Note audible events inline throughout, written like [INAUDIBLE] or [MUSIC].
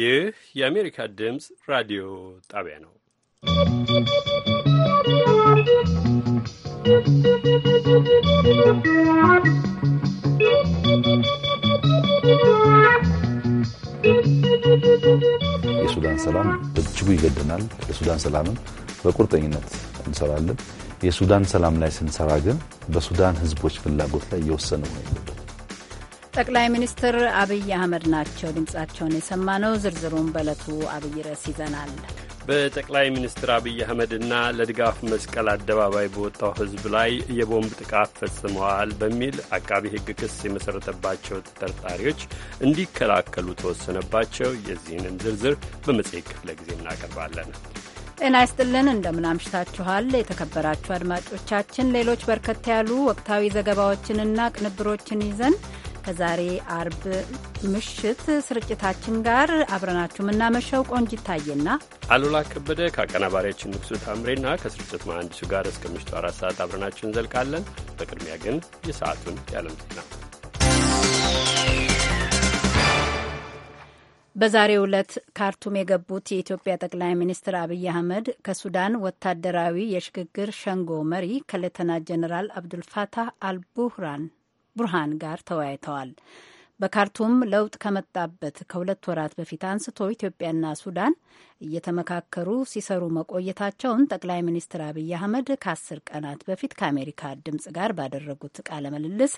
ይህ የአሜሪካ ድምፅ ራዲዮ ጣቢያ ነው። የሱዳን ሰላም በእጅጉ ይገደናል። የሱዳን ሰላምን በቁርጠኝነት እንሰራለን። የሱዳን ሰላም ላይ ስንሰራ ግን በሱዳን ሕዝቦች ፍላጎት ላይ እየወሰነ ነው ጠቅላይ ሚኒስትር አብይ አህመድ ናቸው ድምጻቸውን የሰማነው። ዝርዝሩን በዕለቱ አብይ ርዕስ ይዘናል። በጠቅላይ ሚኒስትር አብይ አህመድና ለድጋፍ መስቀል አደባባይ በወጣው ሕዝብ ላይ የቦምብ ጥቃት ፈጽመዋል በሚል አቃቢ ሕግ ክስ የመሠረተባቸው ተጠርጣሪዎች እንዲከላከሉ ተወሰነባቸው። የዚህንም ዝርዝር በመጽሔት ክፍለ ጊዜ እናቀርባለን። ጤና ይስጥልን፣ እንደምናምሽታችኋል የተከበራችሁ አድማጮቻችን። ሌሎች በርከት ያሉ ወቅታዊ ዘገባዎችንና ቅንብሮችን ይዘን ከዛሬ አርብ ምሽት ስርጭታችን ጋር አብረናችሁ የምናመሸው ቆንጅ ይታየና አሉላ ከበደ ከአቀናባሪያችን ንጉሱ ታምሬና ከስርጭት መሐንዲሱ ጋር እስከ ምሽቱ አራት ሰዓት አብረናችሁ እንዘልቃለን። በቅድሚያ ግን የሰዓቱን ያለም ዜና። በዛሬው ዕለት ካርቱም የገቡት የኢትዮጵያ ጠቅላይ ሚኒስትር አብይ አህመድ ከሱዳን ወታደራዊ የሽግግር ሸንጎ መሪ ከሌተና ጀኔራል አብዱልፋታህ አልቡህራን ቡርሃን ጋር ተወያይተዋል። በካርቱም ለውጥ ከመጣበት ከሁለት ወራት በፊት አንስቶ ኢትዮጵያና ሱዳን እየተመካከሩ ሲሰሩ መቆየታቸውን ጠቅላይ ሚኒስትር አብይ አህመድ ከአስር ቀናት በፊት ከአሜሪካ ድምጽ ጋር ባደረጉት ቃለ ምልልስ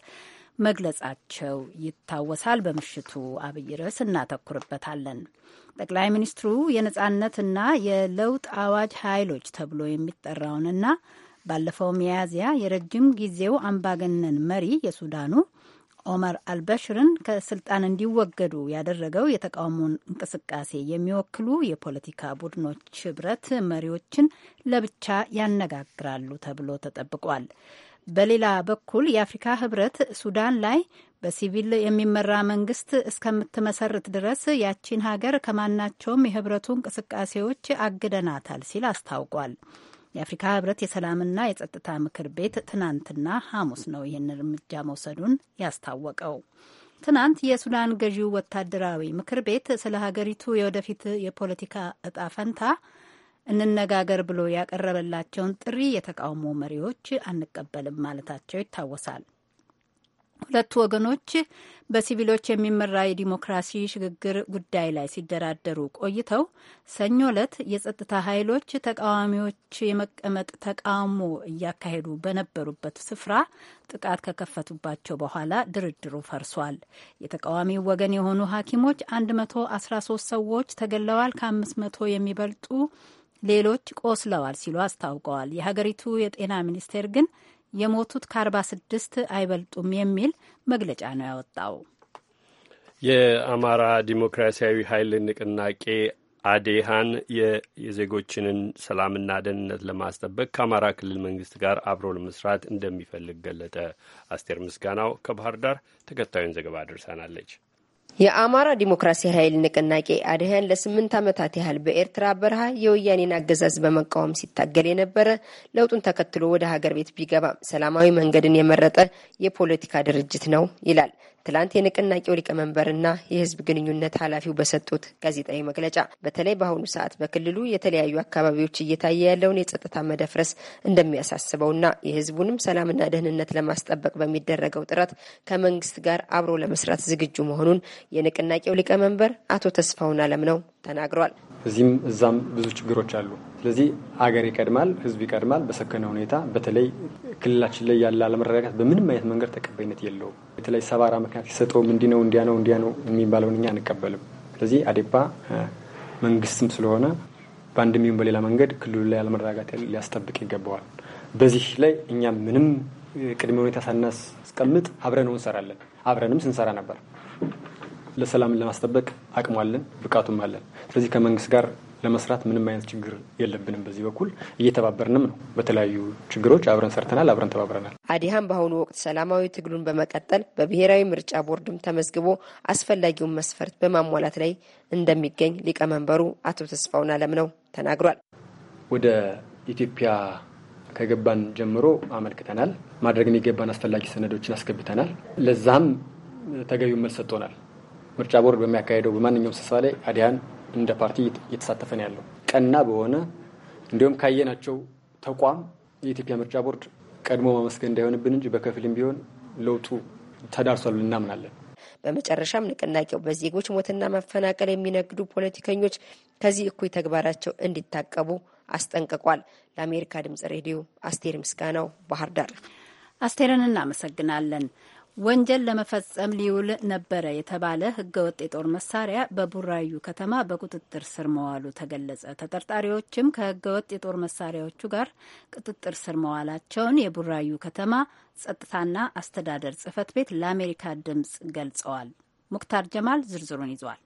መግለጻቸው ይታወሳል። በምሽቱ አብይ ርዕስ እናተኩርበታለን። ጠቅላይ ሚኒስትሩ የነጻነትና የለውጥ አዋጅ ኃይሎች ተብሎ የሚጠራውንና ባለፈው ሚያዝያ የረጅም ጊዜው አምባገነን መሪ የሱዳኑ ኦመር አልበሽርን ከስልጣን እንዲወገዱ ያደረገው የተቃውሞን እንቅስቃሴ የሚወክሉ የፖለቲካ ቡድኖች ህብረት መሪዎችን ለብቻ ያነጋግራሉ ተብሎ ተጠብቋል። በሌላ በኩል የአፍሪካ ህብረት ሱዳን ላይ በሲቪል የሚመራ መንግስት እስከምትመሰርት ድረስ ያቺን ሀገር ከማናቸውም የህብረቱ እንቅስቃሴዎች አግደናታል ሲል አስታውቋል። የአፍሪካ ህብረት የሰላምና የጸጥታ ምክር ቤት ትናንትና ሐሙስ ነው ይህን እርምጃ መውሰዱን ያስታወቀው። ትናንት የሱዳን ገዢው ወታደራዊ ምክር ቤት ስለ ሀገሪቱ የወደፊት የፖለቲካ እጣ ፈንታ እንነጋገር ብሎ ያቀረበላቸውን ጥሪ የተቃውሞ መሪዎች አንቀበልም ማለታቸው ይታወሳል። ሁለቱ ወገኖች በሲቪሎች የሚመራ የዲሞክራሲ ሽግግር ጉዳይ ላይ ሲደራደሩ ቆይተው ሰኞ ዕለት የጸጥታ ኃይሎች ተቃዋሚዎች የመቀመጥ ተቃውሞ እያካሄዱ በነበሩበት ስፍራ ጥቃት ከከፈቱባቸው በኋላ ድርድሩ ፈርሷል። የተቃዋሚው ወገን የሆኑ ሐኪሞች 113 ሰዎች ተገለዋል፣ ከ500 የሚበልጡ ሌሎች ቆስለዋል ሲሉ አስታውቀዋል። የሀገሪቱ የጤና ሚኒስቴር ግን የሞቱት ከ46 አይበልጡም የሚል መግለጫ ነው ያወጣው። የአማራ ዲሞክራሲያዊ ኃይል ንቅናቄ አዴሃን የዜጎችንን ሰላምና ደህንነት ለማስጠበቅ ከአማራ ክልል መንግስት ጋር አብሮ ለመስራት እንደሚፈልግ ገለጠ። አስቴር ምስጋናው ከባህር ዳር ተከታዩን ዘገባ አድርሳናለች። የአማራ ዲሞክራሲ ኃይል ንቅናቄ አድህያን ለስምንት ዓመታት ያህል በኤርትራ በረሃ የወያኔን አገዛዝ በመቃወም ሲታገል የነበረ ለውጡን ተከትሎ ወደ ሀገር ቤት ቢገባም ሰላማዊ መንገድን የመረጠ የፖለቲካ ድርጅት ነው ይላል ትላንት የንቅናቄው ሊቀመንበርና የህዝብ ግንኙነት ኃላፊው በሰጡት ጋዜጣዊ መግለጫ በተለይ በአሁኑ ሰዓት በክልሉ የተለያዩ አካባቢዎች እየታየ ያለውን የጸጥታ መደፍረስ እንደሚያሳስበውና የህዝቡንም ሰላምና ደህንነት ለማስጠበቅ በሚደረገው ጥረት ከመንግስት ጋር አብሮ ለመስራት ዝግጁ መሆኑን የንቅናቄው ሊቀመንበር አቶ ተስፋውን ነው ተናግሯል። እዚህም እዛም ብዙ ችግሮች አሉ። ስለዚህ አገር ይቀድማል፣ ህዝብ ይቀድማል። በሰከነ ሁኔታ በተለይ ክልላችን ላይ ያለ አለመረጋጋት በምንም አይነት መንገድ ተቀባይነት የለውም። በተለይ ሰባራ ምክንያት የሰጠውም እንዲህ ነው እንዲያ ነው እንዲያ ነው የሚባለውን እኛ አንቀበልም። ስለዚህ አዴፓ መንግስትም ስለሆነ በአንድም ይሁን በሌላ መንገድ ክልሉ ላይ አለመረጋጋት ሊያስጠብቅ ይገባዋል። በዚህ ላይ እኛ ምንም ቅድመ ሁኔታ ሳናስቀምጥ አብረነው እንሰራለን። አብረንም ስንሰራ ነበር። ለሰላም ለማስጠበቅ አቅሟለን ብቃቱም አለን። ስለዚህ ከመንግስት ጋር ለመስራት ምንም አይነት ችግር የለብንም። በዚህ በኩል እየተባበርንም ነው። በተለያዩ ችግሮች አብረን ሰርተናል፣ አብረን ተባብረናል። አዲሃም በአሁኑ ወቅት ሰላማዊ ትግሉን በመቀጠል በብሔራዊ ምርጫ ቦርድም ተመዝግቦ አስፈላጊውን መስፈርት በማሟላት ላይ እንደሚገኝ ሊቀመንበሩ አቶ ተስፋውን አለም ነው ተናግሯል። ወደ ኢትዮጵያ ከገባን ጀምሮ አመልክተናል። ማድረግ የሚገባን አስፈላጊ ሰነዶችን አስገብተናል። ለዛም ተገቢውን መልስ ሰጥቶናል። ምርጫ ቦርድ በሚያካሄደው በማንኛውም ስብሰባ ላይ አዲያን እንደ ፓርቲ እየተሳተፈ ነው ያለው። ቀና በሆነ እንዲሁም ካየናቸው ተቋም የኢትዮጵያ ምርጫ ቦርድ ቀድሞ ማመስገን እንዳይሆንብን እንጂ በከፊልም ቢሆን ለውጡ ተዳርሷል እናምናለን። በመጨረሻም ንቅናቄው በዜጎች ሞትና መፈናቀል የሚነግዱ ፖለቲከኞች ከዚህ እኩይ ተግባራቸው እንዲታቀቡ አስጠንቅቋል። ለአሜሪካ ድምጽ ሬዲዮ አስቴር ምስጋናው ባህር ዳር። አስቴርን እናመሰግናለን። ወንጀል ለመፈጸም ሊውል ነበረ የተባለ ህገወጥ የጦር መሳሪያ በቡራዩ ከተማ በቁጥጥር ስር መዋሉ ተገለጸ። ተጠርጣሪዎችም ከህገወጥ የጦር መሳሪያዎቹ ጋር ቁጥጥር ስር መዋላቸውን የቡራዩ ከተማ ጸጥታና አስተዳደር ጽህፈት ቤት ለአሜሪካ ድምፅ ገልጸዋል። ሙክታር ጀማል ዝርዝሩን ይዟል።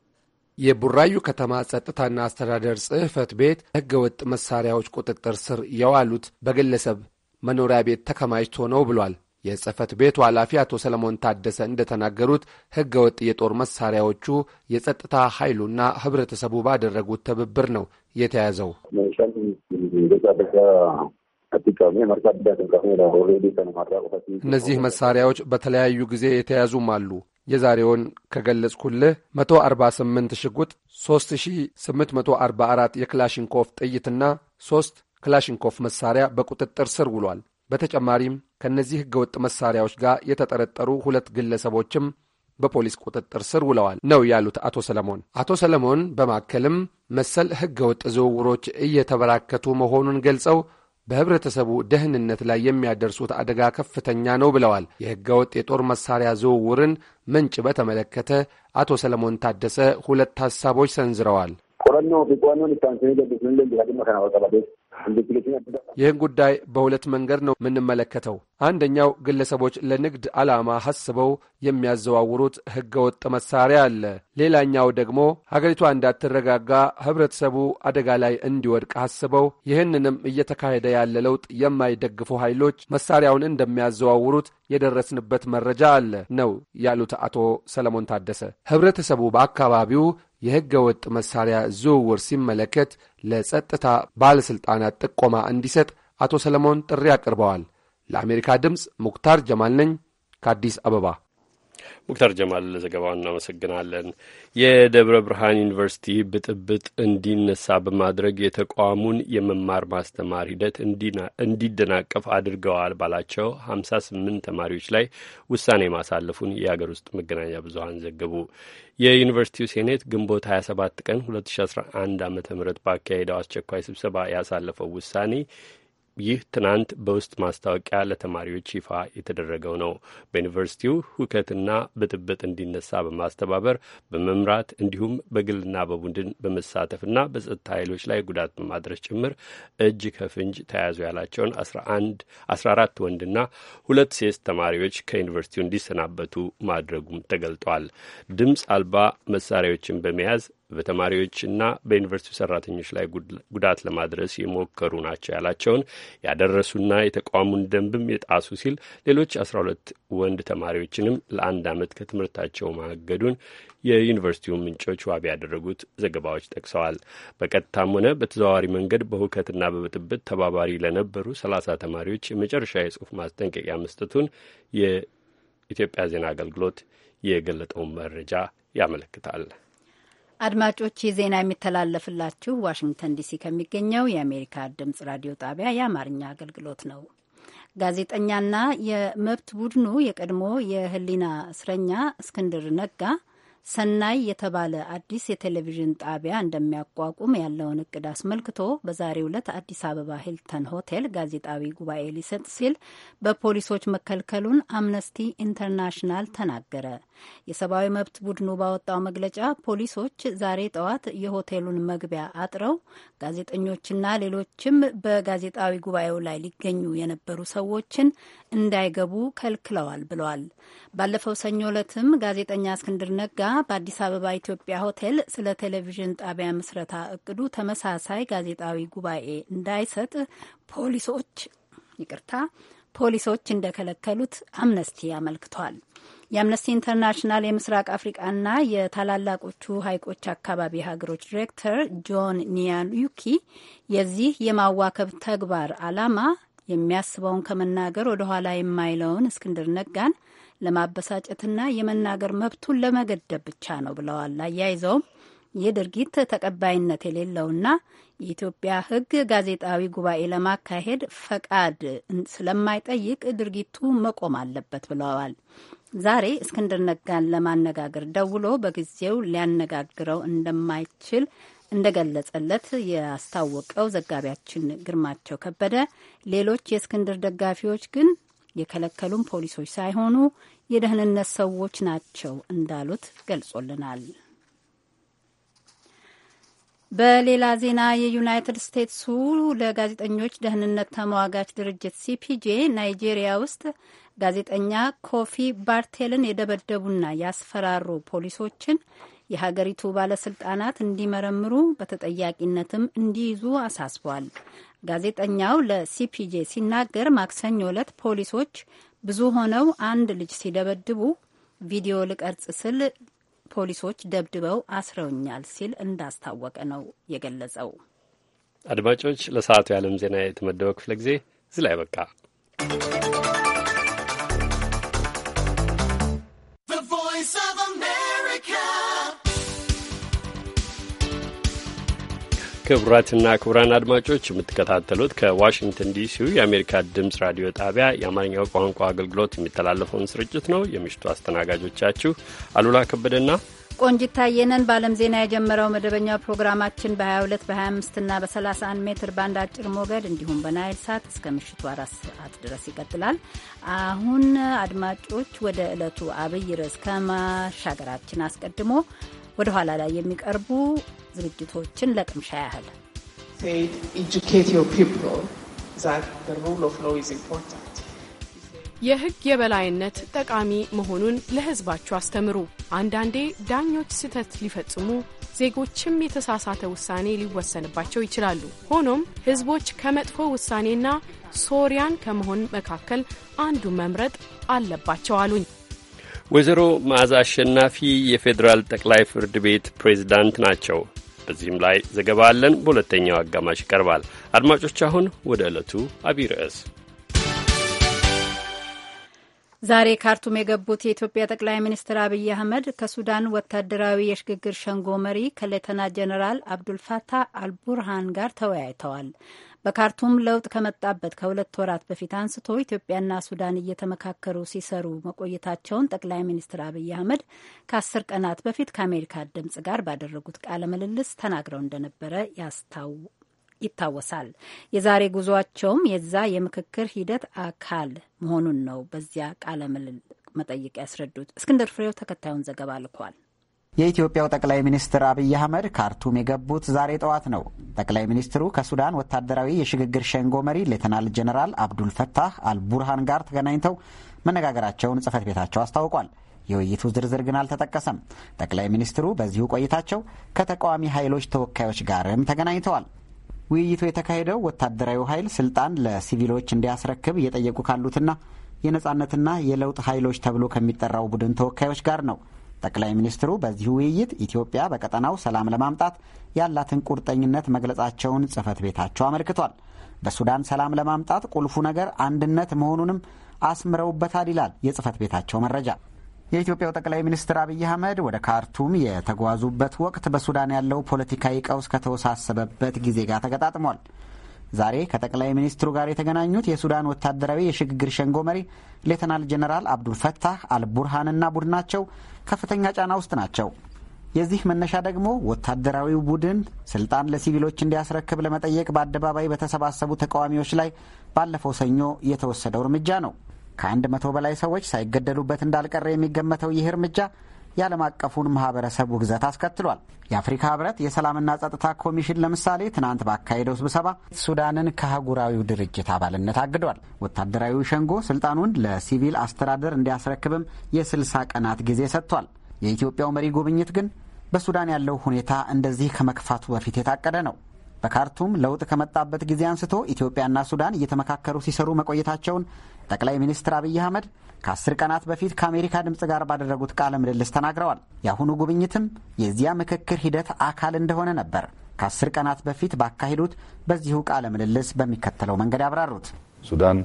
የቡራዩ ከተማ ጸጥታና አስተዳደር ጽህፈት ቤት ህገወጥ መሳሪያዎች ቁጥጥር ስር የዋሉት በግለሰብ መኖሪያ ቤት ተከማችቶ ነው ብሏል። የጽህፈት ቤቱ ኃላፊ አቶ ሰለሞን ታደሰ እንደተናገሩት ሕገ ወጥ የጦር መሳሪያዎቹ የጸጥታ ኃይሉና ህብረተሰቡ ባደረጉት ትብብር ነው የተያዘው። እነዚህ መሳሪያዎች በተለያዩ ጊዜ የተያዙም አሉ። የዛሬውን ከገለጽኩልህ 148 ሽጉጥ፣ 3844 የክላሽንኮፍ ጥይትና ሦስት ክላሽንኮፍ መሳሪያ በቁጥጥር ስር ውሏል። በተጨማሪም ከእነዚህ ህገወጥ መሳሪያዎች ጋር የተጠረጠሩ ሁለት ግለሰቦችም በፖሊስ ቁጥጥር ስር ውለዋል ነው ያሉት አቶ ሰለሞን። አቶ ሰለሞን በማከልም መሰል ህገወጥ ዝውውሮች እየተበራከቱ መሆኑን ገልጸው በህብረተሰቡ ደህንነት ላይ የሚያደርሱት አደጋ ከፍተኛ ነው ብለዋል። የህገወጥ የጦር መሳሪያ ዝውውርን ምንጭ በተመለከተ አቶ ሰለሞን ታደሰ ሁለት ሀሳቦች ሰንዝረዋል። ይህን ጉዳይ በሁለት መንገድ ነው የምንመለከተው። አንደኛው ግለሰቦች ለንግድ ዓላማ ሐስበው የሚያዘዋውሩት ወጥ መሳሪያ አለ። ሌላኛው ደግሞ ሀገሪቷ እንዳትረጋጋ፣ ህብረተሰቡ አደጋ ላይ እንዲወድቅ ሐስበው ይህንንም እየተካሄደ ያለ ለውጥ የማይደግፉ ኃይሎች መሳሪያውን እንደሚያዘዋውሩት የደረስንበት መረጃ አለ ነው ያሉት አቶ ሰለሞን ታደሰ። ህብረተሰቡ በአካባቢው የሕገ ወጥ መሳሪያ ዝውውር ሲመለከት ለጸጥታ ባለሥልጣናት ጥቆማ እንዲሰጥ አቶ ሰለሞን ጥሪ አቅርበዋል። ለአሜሪካ ድምፅ ሙክታር ጀማል ነኝ ከአዲስ አበባ። ሙክታር ጀማል ለዘገባው እናመሰግናለን። የደብረ ብርሃን ዩኒቨርሲቲ ብጥብጥ እንዲነሳ በማድረግ የተቋሙን የመማር ማስተማር ሂደት እንዲደናቀፍ አድርገዋል ባላቸው ሀምሳ ስምንት ተማሪዎች ላይ ውሳኔ ማሳለፉን የአገር ውስጥ መገናኛ ብዙሀን ዘገቡ። የዩኒቨርሲቲው ሴኔት ግንቦት 27 ቀን 2011 ዓ ም ባካሄደው አስቸኳይ ስብሰባ ያሳለፈው ውሳኔ ይህ ትናንት በውስጥ ማስታወቂያ ለተማሪዎች ይፋ የተደረገው ነው። በዩኒቨርሲቲው ሁከትና ብጥብጥ እንዲነሳ በማስተባበር በመምራት እንዲሁም በግልና በቡድን በመሳተፍና በጸጥታ ኃይሎች ላይ ጉዳት በማድረስ ጭምር እጅ ከፍንጅ ተያዙ ያላቸውን አስራ አራት ወንድና ሁለት ሴት ተማሪዎች ከዩኒቨርሲቲው እንዲሰናበቱ ማድረጉም ተገልጧል። ድምፅ አልባ መሳሪያዎችን በመያዝ በተማሪዎችና በዩኒቨርስቲ ሰራተኞች ላይ ጉዳት ለማድረስ የሞከሩ ናቸው ያላቸውን ያደረሱና የተቋሙን ደንብም የጣሱ ሲል ሌሎች አስራ ሁለት ወንድ ተማሪዎችንም ለአንድ ዓመት ከትምህርታቸው ማገዱን የዩኒቨርስቲው ምንጮች ዋቢ ያደረጉት ዘገባዎች ጠቅሰዋል። በቀጥታም ሆነ በተዘዋዋሪ መንገድ በሁከትና በብጥብጥ ተባባሪ ለነበሩ ሰላሳ ተማሪዎች የመጨረሻ የጽሁፍ ማስጠንቀቂያ መስጠቱን የኢትዮጵያ ዜና አገልግሎት የገለጠውን መረጃ ያመለክታል። አድማጮች ይህ ዜና የሚተላለፍላችሁ ዋሽንግተን ዲሲ ከሚገኘው የአሜሪካ ድምጽ ራዲዮ ጣቢያ የአማርኛ አገልግሎት ነው። ጋዜጠኛና የመብት ቡድኑ የቀድሞ የህሊና እስረኛ እስክንድር ነጋ ሰናይ የተባለ አዲስ የቴሌቪዥን ጣቢያ እንደሚያቋቁም ያለውን እቅድ አስመልክቶ በዛሬው ዕለት አዲስ አበባ ሂልተን ሆቴል ጋዜጣዊ ጉባኤ ሊሰጥ ሲል በፖሊሶች መከልከሉን አምነስቲ ኢንተርናሽናል ተናገረ። የሰብአዊ መብት ቡድኑ ባወጣው መግለጫ ፖሊሶች ዛሬ ጠዋት የሆቴሉን መግቢያ አጥረው ጋዜጠኞችና ሌሎችም በጋዜጣዊ ጉባኤው ላይ ሊገኙ የነበሩ ሰዎችን እንዳይገቡ ከልክለዋል ብለዋል። ባለፈው ሰኞ ዕለትም ጋዜጠኛ እስክንድር ነጋ በአዲስ አበባ ኢትዮጵያ ሆቴል ስለ ቴሌቪዥን ጣቢያ ምስረታ እቅዱ ተመሳሳይ ጋዜጣዊ ጉባኤ እንዳይሰጥ ፖሊሶች ይቅርታ ፖሊሶች እንደከለከሉት አምነስቲ አመልክቷል። የአምነስቲ ኢንተርናሽናል የምስራቅ አፍሪቃና የታላላቆቹ ሀይቆች አካባቢ ሀገሮች ዲሬክተር ጆን ኒያንዩኪ የዚህ የማዋከብ ተግባር ዓላማ የሚያስበውን ከመናገር ወደ ኋላ የማይለውን እስክንድር ነጋን ለማበሳጨትና የመናገር መብቱን ለመገደብ ብቻ ነው ብለዋል። አያይዘውም ይህ ድርጊት ተቀባይነት የሌለውና የኢትዮጵያ ሕግ ጋዜጣዊ ጉባኤ ለማካሄድ ፈቃድ ስለማይጠይቅ ድርጊቱ መቆም አለበት ብለዋል። ዛሬ እስክንድር ነጋን ለማነጋገር ደውሎ በጊዜው ሊያነጋግረው እንደማይችል እንደገለጸለት ያስታወቀው ዘጋቢያችን ግርማቸው ከበደ፣ ሌሎች የእስክንድር ደጋፊዎች ግን የከለከሉም ፖሊሶች ሳይሆኑ የደህንነት ሰዎች ናቸው እንዳሉት ገልጾልናል። በሌላ ዜና የዩናይትድ ስቴትሱ ለጋዜጠኞች ደህንነት ተሟጋች ድርጅት ሲፒጄ ናይጄሪያ ውስጥ ጋዜጠኛ ኮፊ ባርቴልን የደበደቡና ያስፈራሩ ፖሊሶችን የሀገሪቱ ባለስልጣናት እንዲመረምሩ በተጠያቂነትም እንዲይዙ አሳስቧል። ጋዜጠኛው ለሲፒጄ ሲናገር ማክሰኞ ዕለት ፖሊሶች ብዙ ሆነው አንድ ልጅ ሲደበድቡ ቪዲዮ ልቀርጽ ስል ፖሊሶች ደብድበው አስረውኛል ሲል እንዳስታወቀ ነው የገለጸው። አድማጮች፣ ለሰዓቱ የዓለም ዜና የተመደበው ክፍለ ጊዜ እዚህ ላይ በቃ ክቡራትና ክቡራን አድማጮች የምትከታተሉት ከዋሽንግተን ዲሲው የአሜሪካ ድምፅ ራዲዮ ጣቢያ የአማርኛው ቋንቋ አገልግሎት የሚተላለፈውን ስርጭት ነው። የምሽቱ አስተናጋጆቻችሁ አሉላ ከበደና ቆንጂት ታየነን። በዓለም ዜና የጀመረው መደበኛው ፕሮግራማችን በ22 በ25 እና በ31 ሜትር ባንድ አጭር ሞገድ እንዲሁም በናይል ሳት እስከ ምሽቱ አራት ሰዓት ድረስ ይቀጥላል። አሁን አድማጮች ወደ ዕለቱ አብይ ርዕስ ከማሻገራችን አስቀድሞ ወደ ኋላ ላይ የሚቀርቡ ዝግጅቶችን ለቅምሻ ያህል የሕግ የበላይነት ጠቃሚ መሆኑን ለሕዝባችሁ አስተምሩ። አንዳንዴ ዳኞች ስህተት ሊፈጽሙ ዜጎችም የተሳሳተ ውሳኔ ሊወሰንባቸው ይችላሉ። ሆኖም ሕዝቦች ከመጥፎ ውሳኔና ሶሪያን ከመሆን መካከል አንዱ መምረጥ አለባቸው አሉኝ። ወይዘሮ መዓዛ አሸናፊ የፌዴራል ጠቅላይ ፍርድ ቤት ፕሬዝዳንት ናቸው። በዚህም ላይ ዘገባ አለን። በሁለተኛው አጋማሽ ይቀርባል። አድማጮች፣ አሁን ወደ ዕለቱ አቢይ ርዕስ ዛሬ ካርቱም የገቡት የኢትዮጵያ ጠቅላይ ሚኒስትር አብይ አህመድ ከሱዳን ወታደራዊ የሽግግር ሸንጎ መሪ ከሌተና ጀኔራል አብዱልፋታህ አልቡርሃን ጋር ተወያይተዋል። በካርቱም ለውጥ ከመጣበት ከሁለት ወራት በፊት አንስቶ ኢትዮጵያና ሱዳን እየተመካከሩ ሲሰሩ መቆየታቸውን ጠቅላይ ሚኒስትር አብይ አህመድ ከአስር ቀናት በፊት ከአሜሪካ ድምጽ ጋር ባደረጉት ቃለ ምልልስ ተናግረው እንደነበረ ይታወሳል። የዛሬ ጉዟቸውም የዛ የምክክር ሂደት አካል መሆኑን ነው በዚያ ቃለ ምልል መጠይቅ ያስረዱት። እስክንድር ፍሬው ተከታዩን ዘገባ ልኳል። የኢትዮጵያው ጠቅላይ ሚኒስትር አብይ አህመድ ካርቱም የገቡት ዛሬ ጠዋት ነው። ጠቅላይ ሚኒስትሩ ከሱዳን ወታደራዊ የሽግግር ሸንጎ መሪ ሌተናል ጀነራል አብዱል ፈታህ አልቡርሃን ጋር ተገናኝተው መነጋገራቸውን ጽህፈት ቤታቸው አስታውቋል። የውይይቱ ዝርዝር ግን አልተጠቀሰም። ጠቅላይ ሚኒስትሩ በዚሁ ቆይታቸው ከተቃዋሚ ኃይሎች ተወካዮች ጋርም ተገናኝተዋል። ውይይቱ የተካሄደው ወታደራዊ ኃይል ስልጣን ለሲቪሎች እንዲያስረክብ እየጠየቁ ካሉትና የነጻነትና የለውጥ ኃይሎች ተብሎ ከሚጠራው ቡድን ተወካዮች ጋር ነው። ጠቅላይ ሚኒስትሩ በዚሁ ውይይት ኢትዮጵያ በቀጠናው ሰላም ለማምጣት ያላትን ቁርጠኝነት መግለጻቸውን ጽህፈት ቤታቸው አመልክቷል። በሱዳን ሰላም ለማምጣት ቁልፉ ነገር አንድነት መሆኑንም አስምረውበታል ይላል የጽህፈት ቤታቸው መረጃ። የኢትዮጵያው ጠቅላይ ሚኒስትር አብይ አህመድ ወደ ካርቱም የተጓዙበት ወቅት በሱዳን ያለው ፖለቲካዊ ቀውስ ከተወሳሰበበት ጊዜ ጋር ተገጣጥሟል። ዛሬ ከጠቅላይ ሚኒስትሩ ጋር የተገናኙት የሱዳን ወታደራዊ የሽግግር ሸንጎ መሪ ሌተናል ጀኔራል አብዱልፈታህ አልቡርሃንና ቡድናቸው ከፍተኛ ጫና ውስጥ ናቸው። የዚህ መነሻ ደግሞ ወታደራዊው ቡድን ስልጣን ለሲቪሎች እንዲያስረክብ ለመጠየቅ በአደባባይ በተሰባሰቡ ተቃዋሚዎች ላይ ባለፈው ሰኞ የተወሰደው እርምጃ ነው። ከአንድ መቶ በላይ ሰዎች ሳይገደሉበት እንዳልቀረ የሚገመተው ይህ እርምጃ የዓለም አቀፉን ማህበረሰብ ውግዘት አስከትሏል። የአፍሪካ ህብረት የሰላምና ጸጥታ ኮሚሽን ለምሳሌ ትናንት ባካሄደው ስብሰባ ሱዳንን ከአህጉራዊው ድርጅት አባልነት አግዷል። ወታደራዊ ሸንጎ ስልጣኑን ለሲቪል አስተዳደር እንዲያስረክብም የስልሳ ቀናት ጊዜ ሰጥቷል። የኢትዮጵያው መሪ ጉብኝት ግን በሱዳን ያለው ሁኔታ እንደዚህ ከመክፋቱ በፊት የታቀደ ነው። በካርቱም ለውጥ ከመጣበት ጊዜ አንስቶ ኢትዮጵያና ሱዳን እየተመካከሩ ሲሰሩ መቆየታቸውን ጠቅላይ ሚኒስትር አብይ አህመድ ከአስር ቀናት በፊት ከአሜሪካ ድምፅ ጋር ባደረጉት ቃለ ምልልስ ተናግረዋል። የአሁኑ ጉብኝትም የዚያ ምክክር ሂደት አካል እንደሆነ ነበር ከአስር ቀናት በፊት ባካሄዱት በዚሁ ቃለ ምልልስ በሚከተለው መንገድ ያብራሩት። ሱዳን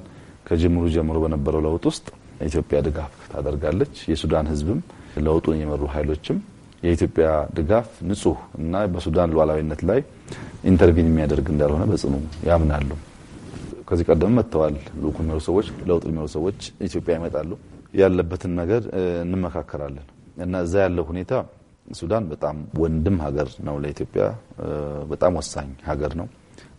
ከጅምሩ ጀምሮ በነበረው ለውጥ ውስጥ ኢትዮጵያ ድጋፍ ታደርጋለች። የሱዳን ህዝብም ለውጡን የመሩ ኃይሎችም የኢትዮጵያ ድጋፍ ንጹህ እና በሱዳን ሉዓላዊነት ላይ ኢንተርቪን የሚያደርግ እንዳልሆነ በጽኑ ያምናሉ። ከዚህ ቀደም መጥተዋል። ልዑኩ የሚመሩ ሰዎች፣ ለውጥ የሚመሩ ሰዎች ኢትዮጵያ ይመጣሉ። ያለበትን ነገር እንመካከራለን እና እዛ ያለው ሁኔታ ሱዳን በጣም ወንድም ሀገር ነው ለኢትዮጵያ በጣም ወሳኝ ሀገር ነው።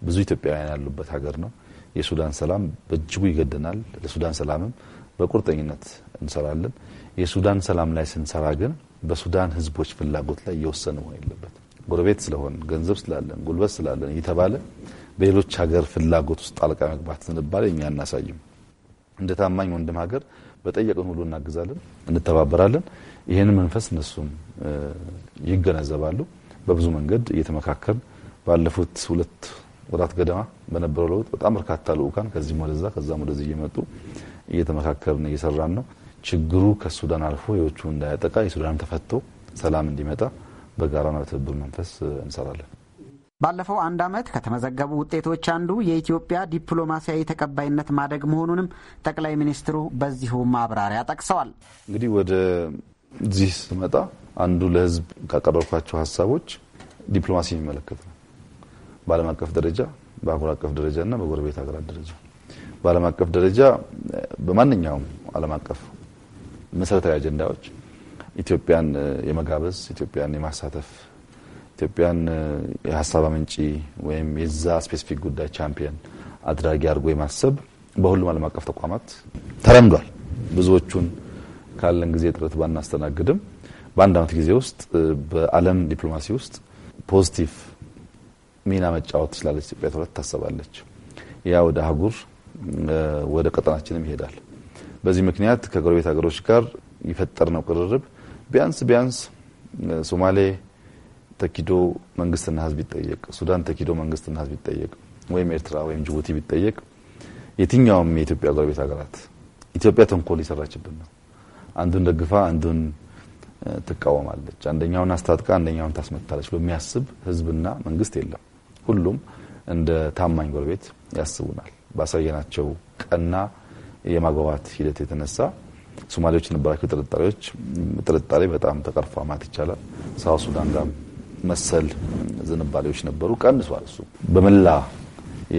ብዙ ኢትዮጵያውያን ያሉበት ሀገር ነው። የሱዳን ሰላም በእጅጉ ይገደናል። ለሱዳን ሰላምም በቁርጠኝነት እንሰራለን። የሱዳን ሰላም ላይ ስንሰራ ግን በሱዳን ሕዝቦች ፍላጎት ላይ እየወሰነ መሆን የለበት። ጎረቤት ስለሆን ገንዘብ ስላለን ጉልበት ስላለን እየተባለ በሌሎች ሀገር ፍላጎት ውስጥ ጣልቃ መግባት ዝንባሌ እኛ አናሳይም። እንደ ታማኝ ወንድም ሀገር በጠየቅን ሁሉ እናግዛለን፣ እንተባበራለን። ይህን መንፈስ እነሱም ይገነዘባሉ። በብዙ መንገድ እየተመካከል ባለፉት ሁለት ወራት ገደማ በነበረው ለውጥ በጣም በርካታ ልኡካን ከዚህም ወደዛ ከዛም ወደዚህ እየመጡ እየተመካከልን እየሰራን ነው። ችግሩ ከሱዳን አልፎ የዎቹ እንዳያጠቃ የሱዳንም ተፈቶ ሰላም እንዲመጣ በጋራና በትብብር መንፈስ እንሰራለን። ባለፈው አንድ ዓመት ከተመዘገቡ ውጤቶች አንዱ የኢትዮጵያ ዲፕሎማሲያዊ ተቀባይነት ማደግ መሆኑንም ጠቅላይ ሚኒስትሩ በዚሁ ማብራሪያ ጠቅሰዋል። እንግዲህ ወደዚህ ስመጣ አንዱ ለህዝብ ካቀረብኳቸው ሀሳቦች ዲፕሎማሲ የሚመለከት ነው። በዓለም አቀፍ ደረጃ በአህጉር አቀፍ ደረጃ እና በጎረቤት ሀገራት ደረጃ በዓለም አቀፍ ደረጃ በማንኛውም ዓለም አቀፍ መሰረታዊ አጀንዳዎች ኢትዮጵያን የመጋበዝ ኢትዮጵያን የማሳተፍ ኢትዮጵያን የሀሳብ አመንጪ ወይም የዛ ስፔሲፊክ ጉዳይ ቻምፒየን አድራጊ አድርጎ የማሰብ በሁሉም ዓለም አቀፍ ተቋማት ተለምዷል። ብዙዎቹን ካለን ጊዜ ጥረት ባናስተናግድም በአንድ አመት ጊዜ ውስጥ በዓለም ዲፕሎማሲ ውስጥ ፖዚቲቭ ሚና መጫወት ስላለች ኢትዮጵያ ተብላ ታሰባለች። ያ ወደ አህጉር ወደ ቀጠናችንም ይሄዳል። በዚህ ምክንያት ከጎረቤት ሀገሮች ጋር የፈጠርነው ቅርርብ ቢያንስ ቢያንስ ሶማሌ ተኪዶ መንግስትና ህዝብ ይጠየቅ፣ ሱዳን ተኪዶ መንግስትና ህዝብ ይጠየቅ፣ ወይም ኤርትራ ወይም ጅቡቲ ቢጠየቅ፣ የትኛውም የኢትዮጵያ ጎረቤት ሀገራት ኢትዮጵያ ተንኮል ይሰራችብን ነው። አንዱን ደግፋ አንዱን ትቃወማለች፣ አንደኛውን አስታጥቃ አንደኛውን ታስመታለች ብሎ የሚያስብ ህዝብና መንግስት የለም። ሁሉም እንደ ታማኝ ጎረቤት ያስቡናል። ባሳየናቸው ቀና የማግባባት ሂደት የተነሳ ሶማሌዎች የነበራቸው ጥርጣሬዎች ጥርጣሬ በጣም ተቀርፏ ማለት ይቻላል። ሳውዝ ሱዳን ጋር መሰል ዝንባሌዎች ነበሩ፣ ቀንሷል። እሱ በመላ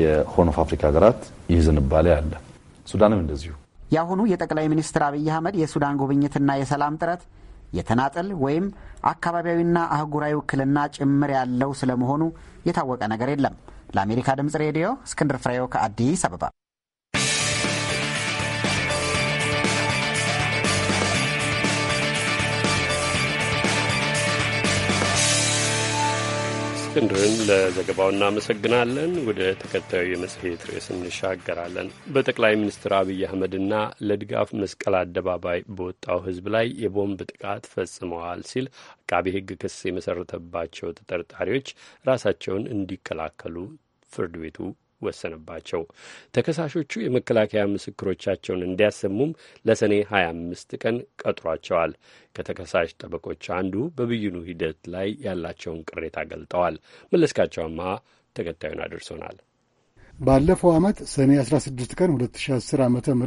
የሆርን ኦፍ አፍሪካ ሀገራት ይህ ዝንባሌ አለ። ሱዳንም እንደዚሁ። የአሁኑ የጠቅላይ ሚኒስትር አብይ አህመድ የሱዳን ጉብኝትና የሰላም ጥረት የተናጠል ወይም አካባቢያዊና አህጉራዊ ውክልና ጭምር ያለው ስለመሆኑ የታወቀ ነገር የለም። ለአሜሪካ ድምፅ ሬዲዮ እስክንድር ፍሬው ከአዲስ አበባ እስክንድርን ለዘገባው እናመሰግናለን። ወደ ተከታዩ የመጽሔት ርዕስ እንሻገራለን። በጠቅላይ ሚኒስትር አብይ አህመድና ለድጋፍ መስቀል አደባባይ በወጣው ሕዝብ ላይ የቦምብ ጥቃት ፈጽመዋል ሲል አቃቢ ሕግ ክስ የመሰረተባቸው ተጠርጣሪዎች ራሳቸውን እንዲከላከሉ ፍርድ ቤቱ ወሰነባቸው። ተከሳሾቹ የመከላከያ ምስክሮቻቸውን እንዲያሰሙም ለሰኔ 25 ቀን ቀጥሯቸዋል። ከተከሳሽ ጠበቆች አንዱ በብይኑ ሂደት ላይ ያላቸውን ቅሬታ ገልጠዋል። መለስካቸው ተከታዩን አድርሶናል። ባለፈው ዓመት ሰኔ 16 ቀን 2010 ዓ ም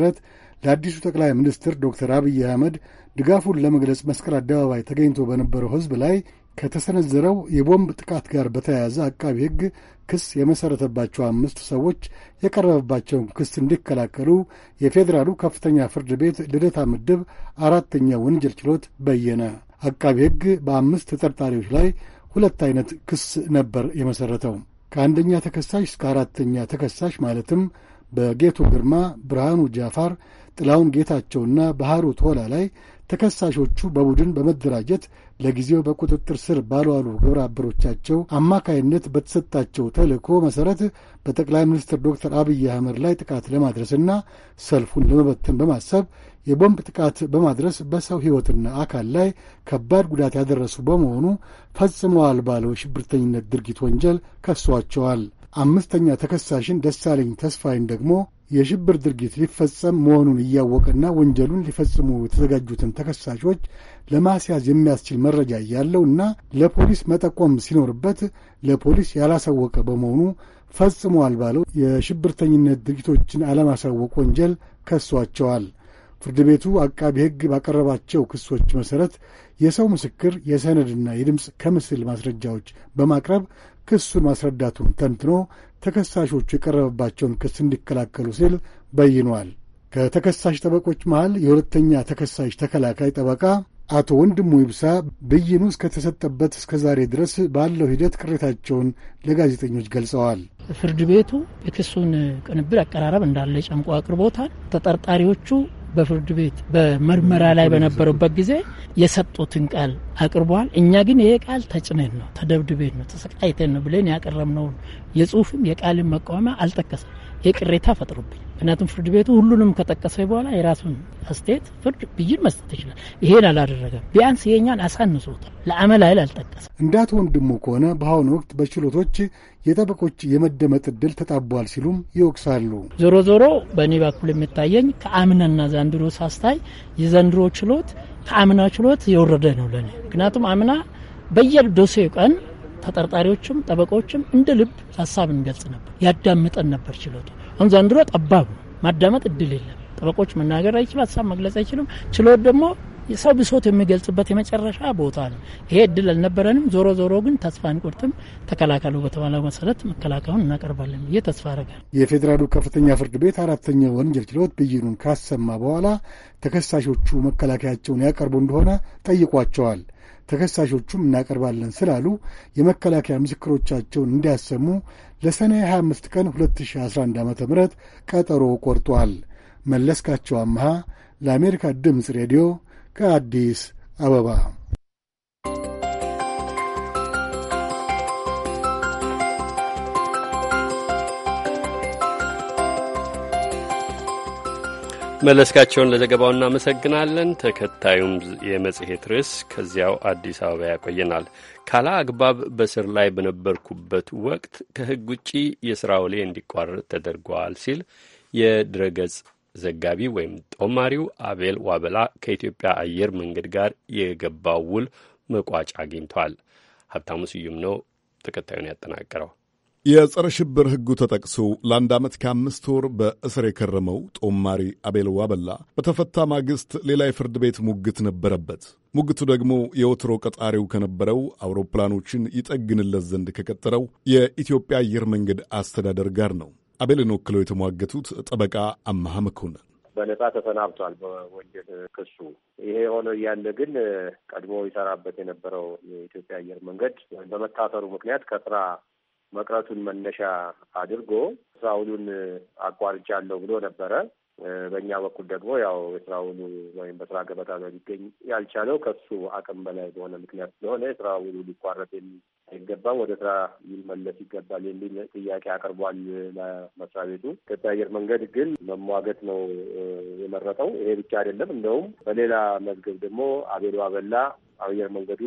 ለአዲሱ ጠቅላይ ሚኒስትር ዶክተር አብይ አህመድ ድጋፉን ለመግለጽ መስቀል አደባባይ ተገኝቶ በነበረው ሕዝብ ላይ ከተሰነዘረው የቦምብ ጥቃት ጋር በተያያዘ አቃቢ ሕግ ክስ የመሠረተባቸው አምስት ሰዎች የቀረበባቸውን ክስ እንዲከላከሉ የፌዴራሉ ከፍተኛ ፍርድ ቤት ልደታ ምድብ አራተኛ ወንጀል ችሎት በየነ። አቃቢ ሕግ በአምስት ተጠርጣሪዎች ላይ ሁለት አይነት ክስ ነበር የመሠረተው። ከአንደኛ ተከሳሽ እስከ አራተኛ ተከሳሽ ማለትም በጌቱ ግርማ፣ ብርሃኑ ጃፋር፣ ጥላውን ጌታቸውና ባህሩ ቶላ ላይ ተከሳሾቹ በቡድን በመደራጀት ለጊዜው በቁጥጥር ስር ባልዋሉ ግብረ አበሮቻቸው አማካይነት በተሰጣቸው ተልእኮ መሠረት በጠቅላይ ሚኒስትር ዶክተር አብይ አህመድ ላይ ጥቃት ለማድረስና ሰልፉን ለመበተን በማሰብ የቦምብ ጥቃት በማድረስ በሰው ሕይወትና አካል ላይ ከባድ ጉዳት ያደረሱ በመሆኑ ፈጽመዋል ባለው ሽብርተኝነት ድርጊት ወንጀል ከሷቸዋል። አምስተኛ ተከሳሽን ደሳለኝ ተስፋይን ደግሞ የሽብር ድርጊት ሊፈጸም መሆኑን እያወቀና ወንጀሉን ሊፈጽሙ የተዘጋጁትን ተከሳሾች ለማስያዝ የሚያስችል መረጃ ያለውና ለፖሊስ መጠቆም ሲኖርበት ለፖሊስ ያላሳወቀ በመሆኑ ፈጽሟል ባለው የሽብርተኝነት ድርጊቶችን አለማሳወቅ ወንጀል ከሷቸዋል። ፍርድ ቤቱ አቃቢ ሕግ ባቀረባቸው ክሶች መሠረት የሰው ምስክር የሰነድና የድምፅ ከምስል ማስረጃዎች በማቅረብ ክሱን ማስረዳቱን ተንትኖ ተከሳሾቹ የቀረበባቸውን ክስ እንዲከላከሉ ሲል በይኗል። ከተከሳሽ ጠበቆች መሃል የሁለተኛ ተከሳሽ ተከላካይ ጠበቃ አቶ ወንድሙ ይብሳ ብይኑ እስከተሰጠበት እስከ ዛሬ ድረስ ባለው ሂደት ቅሬታቸውን ለጋዜጠኞች ገልጸዋል። ፍርድ ቤቱ የክሱን ቅንብር አቀራረብ እንዳለ ጨምቆ አቅርቦታል። ተጠርጣሪዎቹ በፍርድ ቤት በምርመራ ላይ በነበረበት ጊዜ የሰጡትን ቃል አቅርበዋል። እኛ ግን ይሄ ቃል ተጭነን ነው፣ ተደብድቤን ነው፣ ተሰቃይተን ነው ብለን ያቀረብነውን የጽሁፍም የቃልን መቃወሚያ አልጠቀሰም። የቅሬታ ፈጥሮብኝ ምክንያቱም ፍርድ ቤቱ ሁሉንም ከጠቀሰ በኋላ የራሱን አስተያየት ፍርድ ብይን መስጠት ይችላል። ይሄን አላደረገም። ቢያንስ የኛን አሳንሶታል። ለአመል ኃይል አልጠቀሰም። እንዳት ወንድሙ ከሆነ በአሁኑ ወቅት በችሎቶች የጠበቆች የመደመጥ እድል ተጣቧል ሲሉም ይወቅሳሉ። ዞሮ ዞሮ በእኔ በኩል የሚታየኝ ከአምናና ዘንድሮ ሳስታይ የዘንድሮ ችሎት ከአምና ችሎት የወረደ ነው ለእኔ ምክንያቱም አምና በየዶሴው ቀን ተጠርጣሪዎችም ጠበቆችም እንደ ልብ ሀሳብ እንገልጽ ነበር። ያዳምጠን ነበር ችሎቱ። አሁን ዘንድሮ ጠባብ ነው። ማዳመጥ እድል የለም። ጠበቆች መናገር አይችሉ፣ ሀሳብ መግለጽ አይችሉም። ችሎት ደግሞ ሰው ብሶት የሚገልጽበት የመጨረሻ ቦታ ነው። ይሄ እድል አልነበረንም። ዞሮ ዞሮ ግን ተስፋ አንቆርጥም። ተከላከሉ በተባለ መሰረት መከላከሉን እናቀርባለን ብዬ ተስፋ አረጋል። የፌዴራሉ ከፍተኛ ፍርድ ቤት አራተኛ ወንጀል ችሎት ብይኑን ካሰማ በኋላ ተከሳሾቹ መከላከያቸውን ያቀርቡ እንደሆነ ጠይቋቸዋል። ተከሳሾቹም እናቀርባለን ስላሉ የመከላከያ ምስክሮቻቸውን እንዲያሰሙ ለሰኔ 25 ቀን 2011 ዓ ም ቀጠሮ ቆርጧል። መለስካቸው አምሃ ለአሜሪካ ድምፅ ሬዲዮ ከአዲስ አበባ መለስካቸውን ለዘገባው እናመሰግናለን። ተከታዩም የመጽሔት ርዕስ ከዚያው አዲስ አበባ ያቆየናል። ካላ አግባብ በስር ላይ በነበርኩበት ወቅት ከሕግ ውጪ የስራ ውሌ እንዲቋረጥ ተደርጓል ሲል የድረገጽ ዘጋቢ ወይም ጦማሪው አቤል ዋበላ ከኢትዮጵያ አየር መንገድ ጋር የገባው ውል መቋጫ አግኝቷል። ሀብታሙ ስዩም ነው ተከታዩን ያጠናቀረው። የጸረ ሽብር ሕጉ ተጠቅሶ ለአንድ ዓመት ከአምስት ወር በእስር የከረመው ጦማሪ አቤል ዋበላ በተፈታ ማግስት ሌላ የፍርድ ቤት ሙግት ነበረበት። ሙግቱ ደግሞ የወትሮ ቀጣሪው ከነበረው አውሮፕላኖችን ይጠግንለት ዘንድ ከቀጠረው የኢትዮጵያ አየር መንገድ አስተዳደር ጋር ነው። አቤልን ወክለው የተሟገቱት ጠበቃ አመሃ መኮንን በነጻ ተሰናብቷል በወንጀል ክሱ። ይሄ ሆኖ እያለ ግን ቀድሞ ይሰራበት የነበረው የኢትዮጵያ አየር መንገድ በመታሰሩ ምክንያት ከስራ መቅረቱን መነሻ አድርጎ ስራውሉን ውሉን አቋርጫለሁ ብሎ ነበረ። በእኛ በኩል ደግሞ ያው የስራውሉ ወይም በስራ ገበታ ላይ ሊገኝ ያልቻለው ከሱ አቅም በላይ በሆነ ምክንያት ስለሆነ የስራውሉ ሊቋረጥ አይገባም፣ ወደ ስራ ሊመለስ ይገባል የሚል ጥያቄ አቅርቧል ለመስሪያ ቤቱ። ኢትዮጵያ አየር መንገድ ግን መሟገት ነው የመረጠው። ይሄ ብቻ አይደለም። እንደውም በሌላ መዝገብ ደግሞ አቤሎ አበላ አየር መንገዱ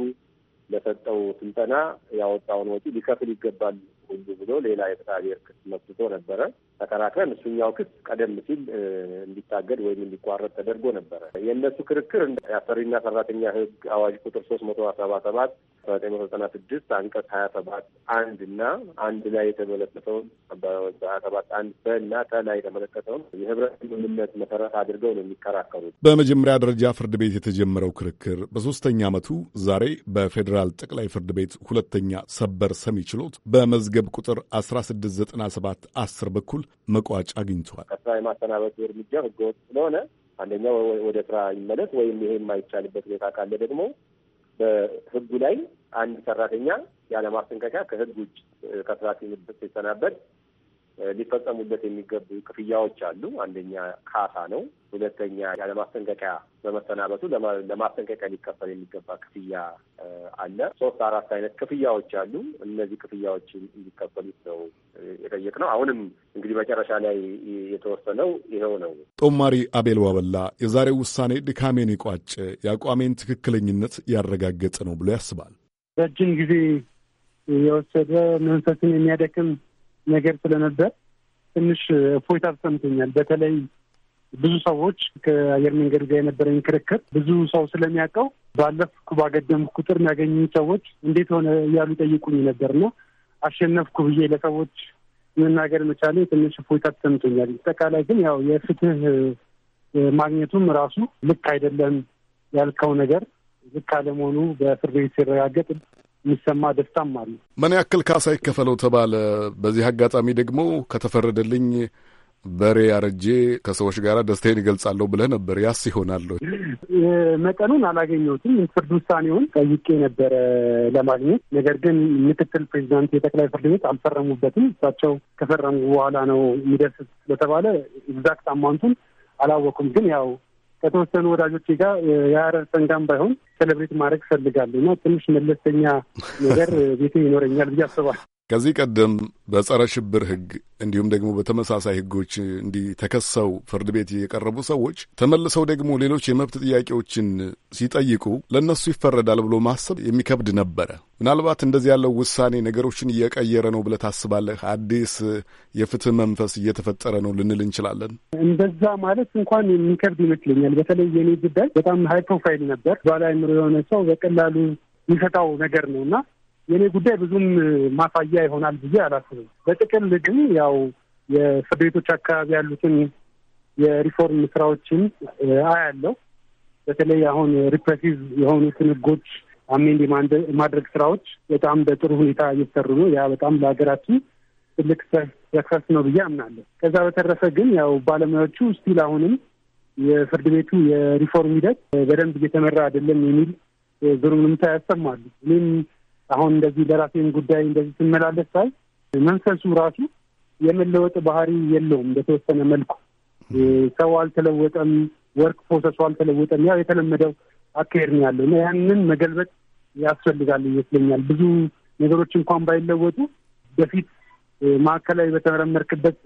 ለሰጠው ስልጠና ያወጣውን ወጪ ሊከፍል ይገባል ቆዩ ብሎ ሌላ የፍትሐ ብሔር ክስ መስርቶ ነበረ። ተከራክረን እሱኛው ክስ ቀደም ሲል እንዲታገድ ወይም እንዲቋረጥ ተደርጎ ነበረ። የእነሱ ክርክር የአሰሪና ሰራተኛ ህግ አዋጅ ቁጥር ሶስት መቶ ሰባ ሰባት ዘጠኝ መቶ ዘጠና ስድስት አንቀጽ ሀያ ሰባት አንድ እና አንድ ላይ የተመለከተውን ሀያ ሰባት አንድ በ በና ተ ላይ የተመለከተውን የህብረት ስምምነት መሰረት አድርገው ነው የሚከራከሩት። በመጀመሪያ ደረጃ ፍርድ ቤት የተጀመረው ክርክር በሶስተኛ ዓመቱ ዛሬ በፌዴራል ጠቅላይ ፍርድ ቤት ሁለተኛ ሰበር ሰሚ ችሎት በመዝገብ ቁጥር አስራ ስድስት ዘጠና ሰባት አስር በኩል መቋጫ አግኝተዋል። ከስራ የማሰናበቱ እርምጃ ህገወጥ ስለሆነ አንደኛው ወደ ስራ ይመለስ ወይም ይሄ የማይቻልበት ሁኔታ ካለ ደግሞ በህጉ ላይ አንድ ሰራተኛ ያለማስጠንቀቂያ ከህግ ውጭ ከስራ ሲሰናበት ሊፈጸሙበት የሚገቡ ክፍያዎች አሉ። አንደኛ ካሳ ነው። ሁለተኛ ያለማስጠንቀቂያ በመሰናበቱ ለማስጠንቀቂያ ሊከፈል የሚገባ ክፍያ አለ። ሶስት አራት አይነት ክፍያዎች አሉ። እነዚህ ክፍያዎች እንዲከፈሉት ነው የጠየቅ ነው። አሁንም እንግዲህ መጨረሻ ላይ የተወሰነው ይኸው ነው። ጦማሪ አቤል ዋበላ የዛሬው ውሳኔ ድካሜን የቋጨ የአቋሜን ትክክለኝነት ያረጋገጠ ነው ብሎ ያስባል። ረጅም ጊዜ የወሰደ መንፈስን የሚያደክም ነገር ስለነበር ትንሽ እፎይታ ተሰምቶኛል። በተለይ ብዙ ሰዎች ከአየር መንገድ ጋር የነበረኝ ክርክር ብዙ ሰው ስለሚያውቀው ባለፍኩ ባገደምኩ ቁጥር የሚያገኙ ሰዎች እንዴት ሆነ እያሉ ጠይቁኝ ነበርና አሸነፍኩ ብዬ ለሰዎች መናገር መቻሌ ትንሽ እፎይታ ተሰምቶኛል። አጠቃላይ ግን ያው የፍትህ ማግኘቱም ራሱ ልክ አይደለም ያልከው ነገር ልክ አለመሆኑ በፍርድ ቤት ሲረጋገጥ የሚሰማ ደስታም አለ። ምን ያክል ካሳ ይከፈለው ተባለ? በዚህ አጋጣሚ ደግሞ ከተፈረደልኝ በሬ አርጄ ከሰዎች ጋር ደስታዬን ይገልጻለሁ ብለህ ነበር። ያስ ይሆናለሁ መጠኑን አላገኘሁትም። ፍርድ ውሳኔውን ጠይቄ ነበረ ለማግኘት ነገር ግን ምክትል ፕሬዚዳንት የጠቅላይ ፍርድ ቤት አልፈረሙበትም። እሳቸው ከፈረሙ በኋላ ነው የሚደርስ ስለተባለ ኤግዛክት አማንቱን አላወኩም። ግን ያው ከተወሰኑ ወዳጆች ጋር የሀረር ሰንጋም ባይሆን ሴሌብሬት ማድረግ እፈልጋለሁ እና ትንሽ መለስተኛ ነገር ቤቴ ይኖረኛል ብዬ አስባል ከዚህ ቀደም በጸረ ሽብር ህግ እንዲሁም ደግሞ በተመሳሳይ ህጎች እንዲህ ተከሰው ፍርድ ቤት የቀረቡ ሰዎች ተመልሰው ደግሞ ሌሎች የመብት ጥያቄዎችን ሲጠይቁ ለእነሱ ይፈረዳል ብሎ ማሰብ የሚከብድ ነበረ። ምናልባት እንደዚህ ያለው ውሳኔ ነገሮችን እየቀየረ ነው ብለህ ታስባለህ? አዲስ የፍትህ መንፈስ እየተፈጠረ ነው ልንል እንችላለን? እንደዛ ማለት እንኳን የሚከብድ ይመስለኛል። በተለይ የኔ ጉዳይ በጣም ሀይ ፕሮፋይል ነበር። ባላ አይምሮ የሆነ ሰው በቀላሉ የሚፈታው ነገር ነው እና የእኔ ጉዳይ ብዙም ማሳያ ይሆናል ብዬ አላስብም። በጥቅል ግን ያው የፍርድ ቤቶች አካባቢ ያሉትን የሪፎርም ስራዎችን አያለው። በተለይ አሁን ሪፕሬሲቭ የሆኑትን ህጎች አሜንድ የማድረግ ስራዎች በጣም በጥሩ ሁኔታ እየተሰሩ ነው። ያ በጣም ለሀገራችን ትልቅ ሰክሰስ ነው ብዬ አምናለሁ። ከዛ በተረፈ ግን ያው ባለሙያዎቹ ስቲል አሁንም የፍርድ ቤቱ የሪፎርም ሂደት በደንብ እየተመራ አይደለም የሚል ዙር ያሰማሉ። እኔም አሁን እንደዚህ ለራሴን ጉዳይ እንደዚህ ስመላለስ ሳይ መንፈሱ ራሱ የመለወጥ ባህሪ የለውም። በተወሰነ መልኩ ሰው አልተለወጠም፣ ወርክ ፕሮሰሱ አልተለወጠም። ያው የተለመደው አካሄድ ነው ያለው እና ያንን መገልበጥ ያስፈልጋል ይመስለኛል። ብዙ ነገሮች እንኳን ባይለወጡ በፊት ማዕከላዊ በተመረመርክበት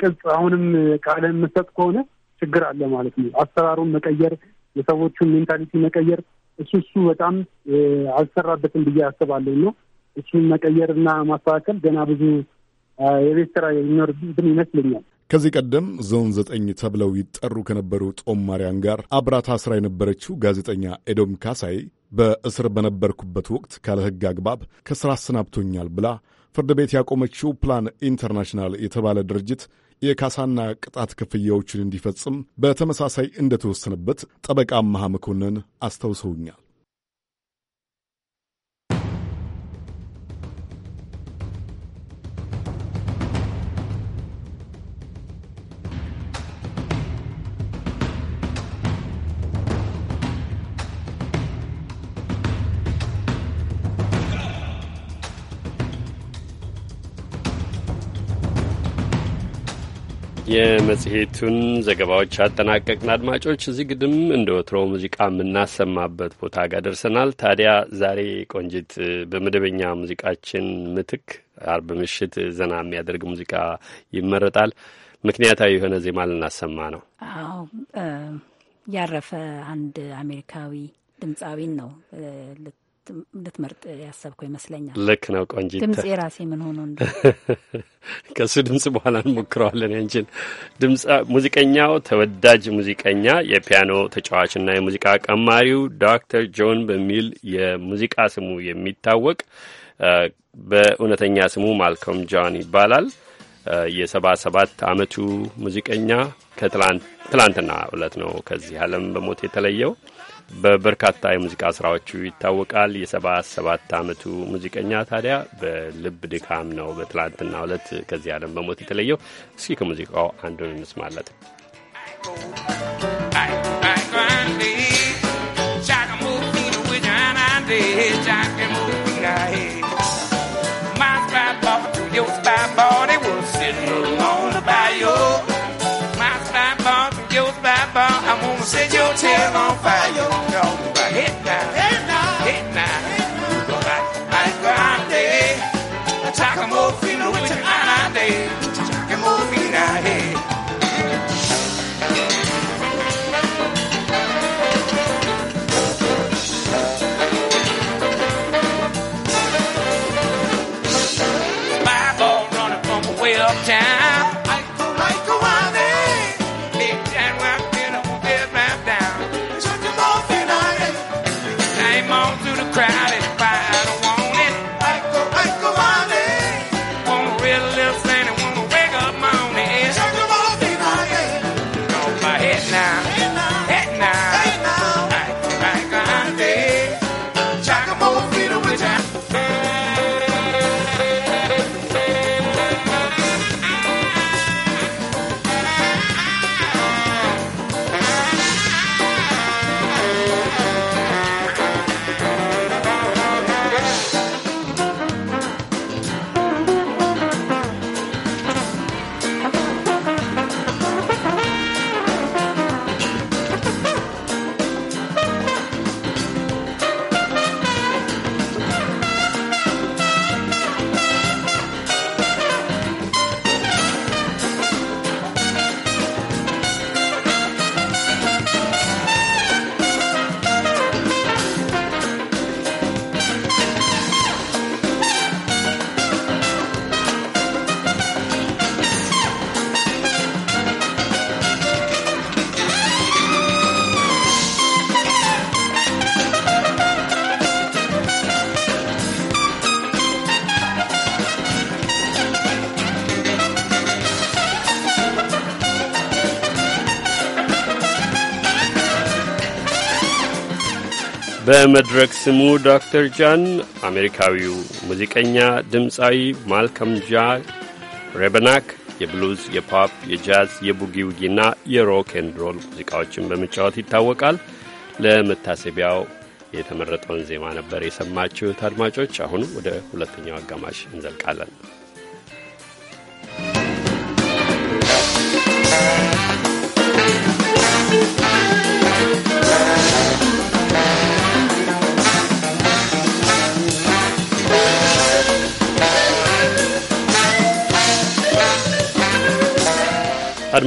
ቅጽ አሁንም ቃለ የምሰጥ ከሆነ ችግር አለ ማለት ነው። አሰራሩን መቀየር፣ የሰዎቹን ሜንታሊቲ መቀየር እሱ እሱ በጣም አልሰራበትም ብዬ አስባለሁ ነው እሱን መቀየርና ማስተካከል ገና ብዙ የቤት ስራ የሚኖርብን ይመስለኛል። ከዚህ ቀደም ዞን ዘጠኝ ተብለው ይጠሩ ከነበሩ ጦማሪያን ጋር አብራታ ስራ የነበረችው ጋዜጠኛ ኤዶም ካሳይ በእስር በነበርኩበት ወቅት ካለ ሕግ አግባብ ከስራ አሰናብቶኛል ብላ ፍርድ ቤት ያቆመችው ፕላን ኢንተርናሽናል የተባለ ድርጅት የካሳና ቅጣት ክፍያዎችን እንዲፈጽም በተመሳሳይ እንደተወሰነበት ጠበቃ መሐ መኮንን አስታውሰውኛል። የመጽሔቱን ዘገባዎች አጠናቀቅን። አድማጮች እዚህ ግድም እንደ ወትሮ ሙዚቃ የምናሰማበት ቦታ ጋር ደርሰናል። ታዲያ ዛሬ ቆንጂት በመደበኛ ሙዚቃችን ምትክ አርብ ምሽት ዘና የሚያደርግ ሙዚቃ ይመረጣል። ምክንያታዊ የሆነ ዜማ ልናሰማ ነው። አዎ ያረፈ አንድ አሜሪካዊ ድምፃዊን ነው እንድትመርጥ ያሰብኩ ይመስለኛል። ልክ ነው ቆንጂ። ድምፅ የራሴ ምን ሆኖ እንደ [LAUGHS] ከእሱ ድምፅ በኋላ እንሞክረዋለን ያንችን ሙዚቀኛው ተወዳጅ ሙዚቀኛ የፒያኖ ተጫዋችና የሙዚቃ ቀማሪው ዶክተር ጆን በሚል የሙዚቃ ስሙ የሚታወቅ በእውነተኛ ስሙ ማልኮም ጆን ይባላል። የሰባ ሰባት አመቱ ሙዚቀኛ ከትላንትና እለት ነው ከዚህ ዓለም በሞት የተለየው። በበርካታ የሙዚቃ ስራዎቹ ይታወቃል። የሰባ ሰባት ዓመቱ ሙዚቀኛ ታዲያ በልብ ድካም ነው በትላንትና ዕለት ከዚህ ዓለም በሞት የተለየው። እስኪ ከሙዚቃው አንዱን እንስማለት። I, I, set your tail on fire. You're gonna hit now, hit now, hit now. You're gonna like grande. a fino with your grande. በመድረክ ስሙ ዶክተር ጃን አሜሪካዊው ሙዚቀኛ ድምፃዊ ማልከም ጃ ሬበናክ የብሉዝ፣ የፖፕ፣ የጃዝ፣ የቡጊ ውጊና የሮክ ኤንድ ሮል ሙዚቃዎችን በመጫወት ይታወቃል። ለመታሰቢያው የተመረጠውን ዜማ ነበር የሰማችሁት አድማጮች። አሁን ወደ ሁለተኛው አጋማሽ እንዘልቃለን።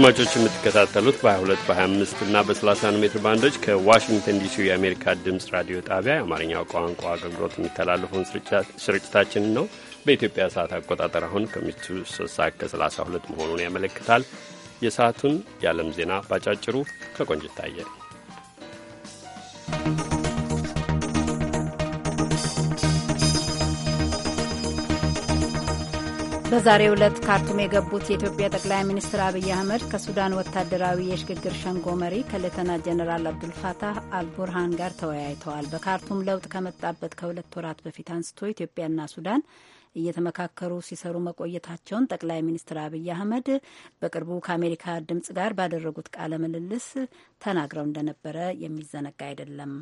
አድማጮች የምትከታተሉት በ22 በ25 እና በ31 ሜትር ባንዶች ከዋሽንግተን ዲሲ የአሜሪካ ድምፅ ራዲዮ ጣቢያ የአማርኛው ቋንቋ አገልግሎት የሚተላለፈውን ስርጭታችን ነው። በኢትዮጵያ ሰዓት አቆጣጠር አሁን ከምሽቱ 3 ሰዓት ከ32 መሆኑን ያመለክታል። የሰዓቱን የዓለም ዜና ባጫጭሩ ከቆንጅታየ በዛሬ ዕለት ካርቱም የገቡት የኢትዮጵያ ጠቅላይ ሚኒስትር አብይ አህመድ ከሱዳን ወታደራዊ የሽግግር ሸንጎ መሪ ከሌተና ጀኔራል አብዱልፋታህ አልቡርሃን ጋር ተወያይተዋል። በካርቱም ለውጥ ከመጣበት ከሁለት ወራት በፊት አንስቶ ኢትዮጵያና ሱዳን እየተመካከሩ ሲሰሩ መቆየታቸውን ጠቅላይ ሚኒስትር አብይ አህመድ በቅርቡ ከአሜሪካ ድምጽ ጋር ባደረጉት ቃለ ምልልስ ተናግረው እንደነበረ የሚዘነጋ አይደለም።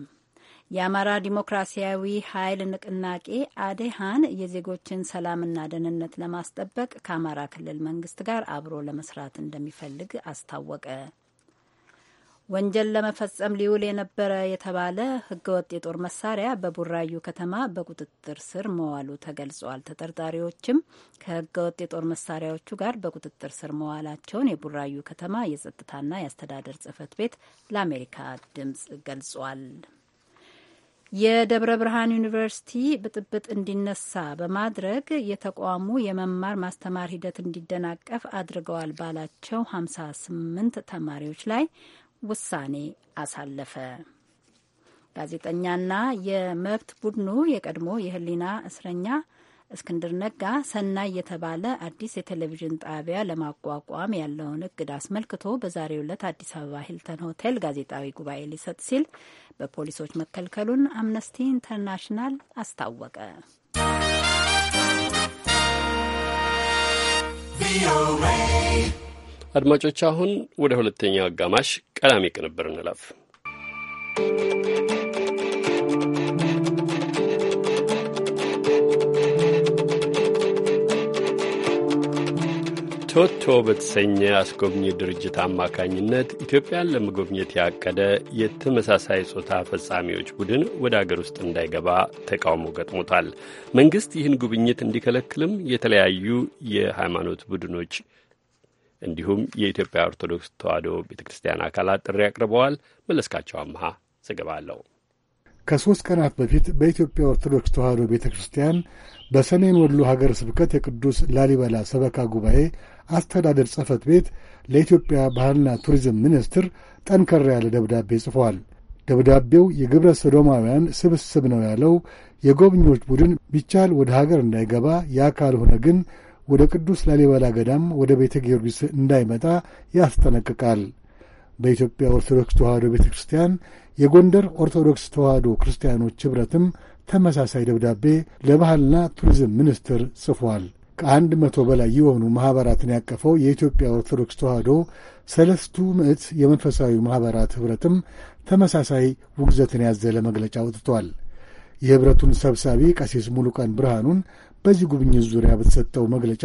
የአማራ ዲሞክራሲያዊ ኃይል ንቅናቄ አዴሃን የዜጎችን ሰላምና ደህንነት ለማስጠበቅ ከአማራ ክልል መንግስት ጋር አብሮ ለመስራት እንደሚፈልግ አስታወቀ። ወንጀል ለመፈጸም ሊውል የነበረ የተባለ ህገወጥ የጦር መሳሪያ በቡራዩ ከተማ በቁጥጥር ስር መዋሉ ተገልጿል። ተጠርጣሪዎችም ከህገወጥ የጦር መሳሪያዎቹ ጋር በቁጥጥር ስር መዋላቸውን የቡራዩ ከተማ የጸጥታና የአስተዳደር ጽህፈት ቤት ለአሜሪካ ድምጽ ገልጿል። የደብረ ብርሃን ዩኒቨርሲቲ ብጥብጥ እንዲነሳ በማድረግ የተቋሙ የመማር ማስተማር ሂደት እንዲደናቀፍ አድርገዋል ባላቸው 58 ተማሪዎች ላይ ውሳኔ አሳለፈ። ጋዜጠኛና የመብት ቡድኑ የቀድሞ የህሊና እስረኛ እስክንድር ነጋ ሰናይ የተባለ አዲስ የቴሌቪዥን ጣቢያ ለማቋቋም ያለውን እቅድ አስመልክቶ በዛሬው ዕለት አዲስ አበባ ሂልተን ሆቴል ጋዜጣዊ ጉባኤ ሊሰጥ ሲል በፖሊሶች መከልከሉን አምነስቲ ኢንተርናሽናል አስታወቀ። አድማጮች፣ አሁን ወደ ሁለተኛው አጋማሽ ቀዳሚ ቅንብር እንለፍ። ቶቶ በተሰኘ አስጎብኚ ድርጅት አማካኝነት ኢትዮጵያን ለመጎብኘት ያቀደ የተመሳሳይ ጾታ ፈጻሚዎች ቡድን ወደ አገር ውስጥ እንዳይገባ ተቃውሞ ገጥሞታል። መንግሥት ይህን ጉብኝት እንዲከለክልም የተለያዩ የሃይማኖት ቡድኖች እንዲሁም የኢትዮጵያ ኦርቶዶክስ ተዋሕዶ ቤተ ክርስቲያን አካላት ጥሪ አቅርበዋል። መለስካቸው አመሃ ዘገባ አለው። ከሦስት ቀናት በፊት በኢትዮጵያ ኦርቶዶክስ ተዋሕዶ ቤተ ክርስቲያን በሰሜን ወሎ ሀገረ ስብከት የቅዱስ ላሊበላ ሰበካ ጉባኤ አስተዳደር ጽህፈት ቤት ለኢትዮጵያ ባህልና ቱሪዝም ሚኒስትር ጠንከር ያለ ደብዳቤ ጽፏል። ደብዳቤው የግብረ ሰዶማውያን ስብስብ ነው ያለው የጎብኚዎች ቡድን ቢቻል ወደ ሀገር እንዳይገባ፣ ያ ካልሆነ ግን ወደ ቅዱስ ላሊበላ ገዳም ወደ ቤተ ጊዮርጊስ እንዳይመጣ ያስጠነቅቃል። በኢትዮጵያ ኦርቶዶክስ ተዋሕዶ ቤተ ክርስቲያን የጎንደር ኦርቶዶክስ ተዋሕዶ ክርስቲያኖች ኅብረትም ተመሳሳይ ደብዳቤ ለባህልና ቱሪዝም ሚኒስትር ጽፏል። ከአንድ መቶ በላይ የሆኑ ማኅበራትን ያቀፈው የኢትዮጵያ ኦርቶዶክስ ተዋሕዶ ሰለስቱ ምዕት የመንፈሳዊ ማኅበራት ኅብረትም ተመሳሳይ ውግዘትን ያዘለ መግለጫ አውጥቷል። የኅብረቱን ሰብሳቢ ቀሲስ ሙሉቀን ብርሃኑን በዚህ ጉብኝት ዙሪያ በተሰጠው መግለጫ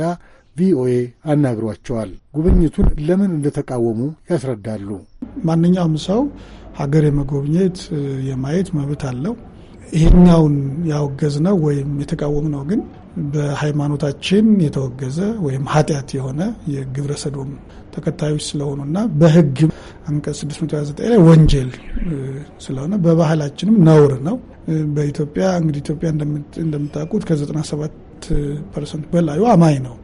ቪኦኤ አናግሯቸዋል። ጉብኝቱን ለምን እንደተቃወሙ ያስረዳሉ። ማንኛውም ሰው ሀገር የመጎብኘት የማየት መብት አለው። ይሄኛውን ያወገዝ ነው ወይም የተቃወም ነው ግን በሃይማኖታችን የተወገዘ ወይም ኃጢአት የሆነ የግብረ ሰዶም ተከታዮች ስለሆኑና በህግ አንቀጽ 629 ላይ ወንጀል ስለሆነ በባህላችንም ነውር ነው። በኢትዮጵያ እንግዲህ ኢትዮጵያ እንደምታውቁት ከ97 ፐርሰንት በላዩ አማኝ ነው።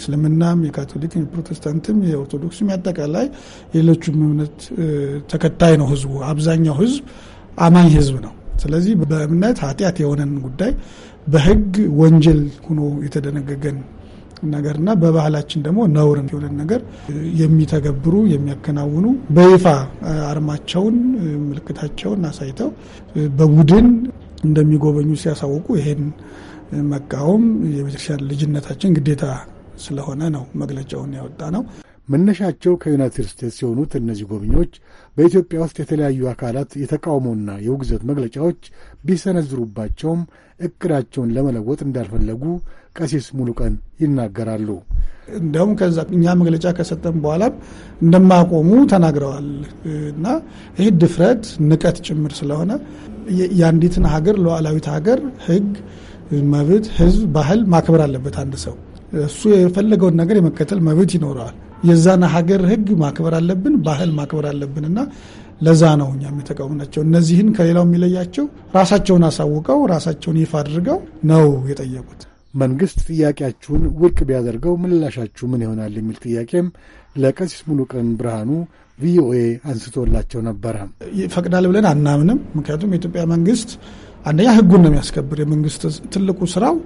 እስልምናም፣ የካቶሊክ፣ የፕሮቴስታንትም፣ የኦርቶዶክስም ያጠቃላይ የሌሎቹም እምነት ተከታይ ነው ህዝቡ። አብዛኛው ህዝብ አማኝ ህዝብ ነው። ስለዚህ በእምነት ኃጢአት የሆነን ጉዳይ በህግ ወንጀል ሆኖ የተደነገገን ነገርና በባህላችን ደግሞ ነውር የሆነን ነገር የሚተገብሩ የሚያከናውኑ በይፋ አርማቸውን ምልክታቸውን አሳይተው በቡድን እንደሚጎበኙ ሲያሳውቁ ይሄን መቃወም የቤተክርስቲያን ልጅነታችን ግዴታ ስለሆነ ነው መግለጫውን ያወጣ ነው። መነሻቸው ከዩናይትድ ስቴትስ የሆኑት እነዚህ ጎብኚዎች በኢትዮጵያ ውስጥ የተለያዩ አካላት የተቃውሞና የውግዘት መግለጫዎች ቢሰነዝሩባቸውም እቅዳቸውን ለመለወጥ እንዳልፈለጉ ቀሲስ ሙሉቀን ይናገራሉ። እንዲያውም ከዛ እኛ መግለጫ ከሰጠን በኋላም እንደማያቆሙ ተናግረዋል እና ይህ ድፍረት፣ ንቀት ጭምር ስለሆነ የአንዲትን ሀገር ሉዓላዊት ሀገር ሕግ፣ መብት፣ ሕዝብ፣ ባህል ማክበር አለበት አንድ ሰው እሱ የፈለገውን ነገር የመከተል መብት ይኖረዋል። የዛን ሀገር ህግ ማክበር አለብን፣ ባህል ማክበር አለብን እና ለዛ ነው እኛ የተቃወምናቸው። እነዚህን ከሌላው የሚለያቸው ራሳቸውን አሳውቀው ራሳቸውን ይፋ አድርገው ነው የጠየቁት። መንግስት ጥያቄያችሁን ውድቅ ቢያደርገው ምላሻችሁ ምን ይሆናል የሚል ጥያቄም ለቀሲስ ሙሉቀን ብርሃኑ ቪኦኤ አንስቶላቸው ነበረ። ይፈቅዳል ብለን አናምንም። ምክንያቱም የኢትዮጵያ መንግስት አንደኛ ህጉን ነው የሚያስከብር። የመንግስት ትልቁ ስራው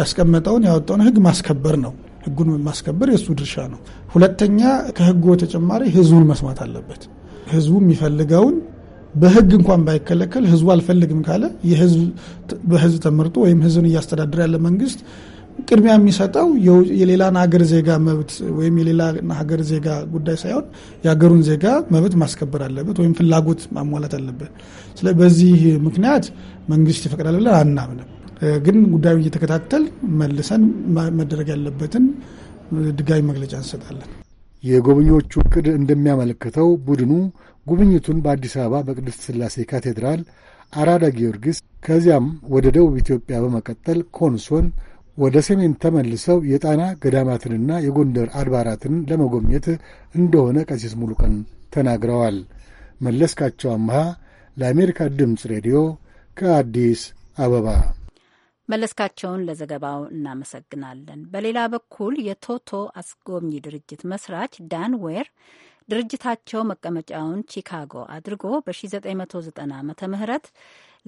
ያስቀመጠውን ያወጣውን ህግ ማስከበር ነው። ህጉን ማስከበር የእሱ ድርሻ ነው። ሁለተኛ ከህጉ በተጨማሪ ህዝቡን መስማት አለበት። ህዝቡ የሚፈልገውን በህግ እንኳን ባይከለከል ህዝቡ አልፈልግም ካለ በህዝብ ተመርጦ ወይም ህዝብን እያስተዳደረ ያለ መንግስት ቅድሚያ የሚሰጠው የሌላን ሀገር ዜጋ መብት ወይም የሌላ ሀገር ዜጋ ጉዳይ ሳይሆን የሀገሩን ዜጋ መብት ማስከበር አለበት ወይም ፍላጎት ማሟላት አለበት። ስለዚህ በዚህ ምክንያት መንግስት ይፈቅዳል ብለን አናምንም። ግን ጉዳዩ እየተከታተል መልሰን መደረግ ያለበትን ድጋሚ መግለጫ እንሰጣለን። የጎብኚዎቹ እቅድ እንደሚያመለክተው ቡድኑ ጉብኝቱን በአዲስ አበባ በቅድስት ስላሴ ካቴድራል፣ አራዳ ጊዮርጊስ፣ ከዚያም ወደ ደቡብ ኢትዮጵያ በመቀጠል ኮንሶን፣ ወደ ሰሜን ተመልሰው የጣና ገዳማትንና የጎንደር አድባራትን ለመጎብኘት እንደሆነ ቀሲስ ሙሉቀን ተናግረዋል። መለስካቸው አምሃ ለአሜሪካ ድምፅ ሬዲዮ ከአዲስ አበባ መለስካቸውን ለዘገባው እናመሰግናለን። በሌላ በኩል የቶቶ አስጎብኚ ድርጅት መስራች ዳን ዌር ድርጅታቸው መቀመጫውን ቺካጎ አድርጎ በ1990 ዓ ም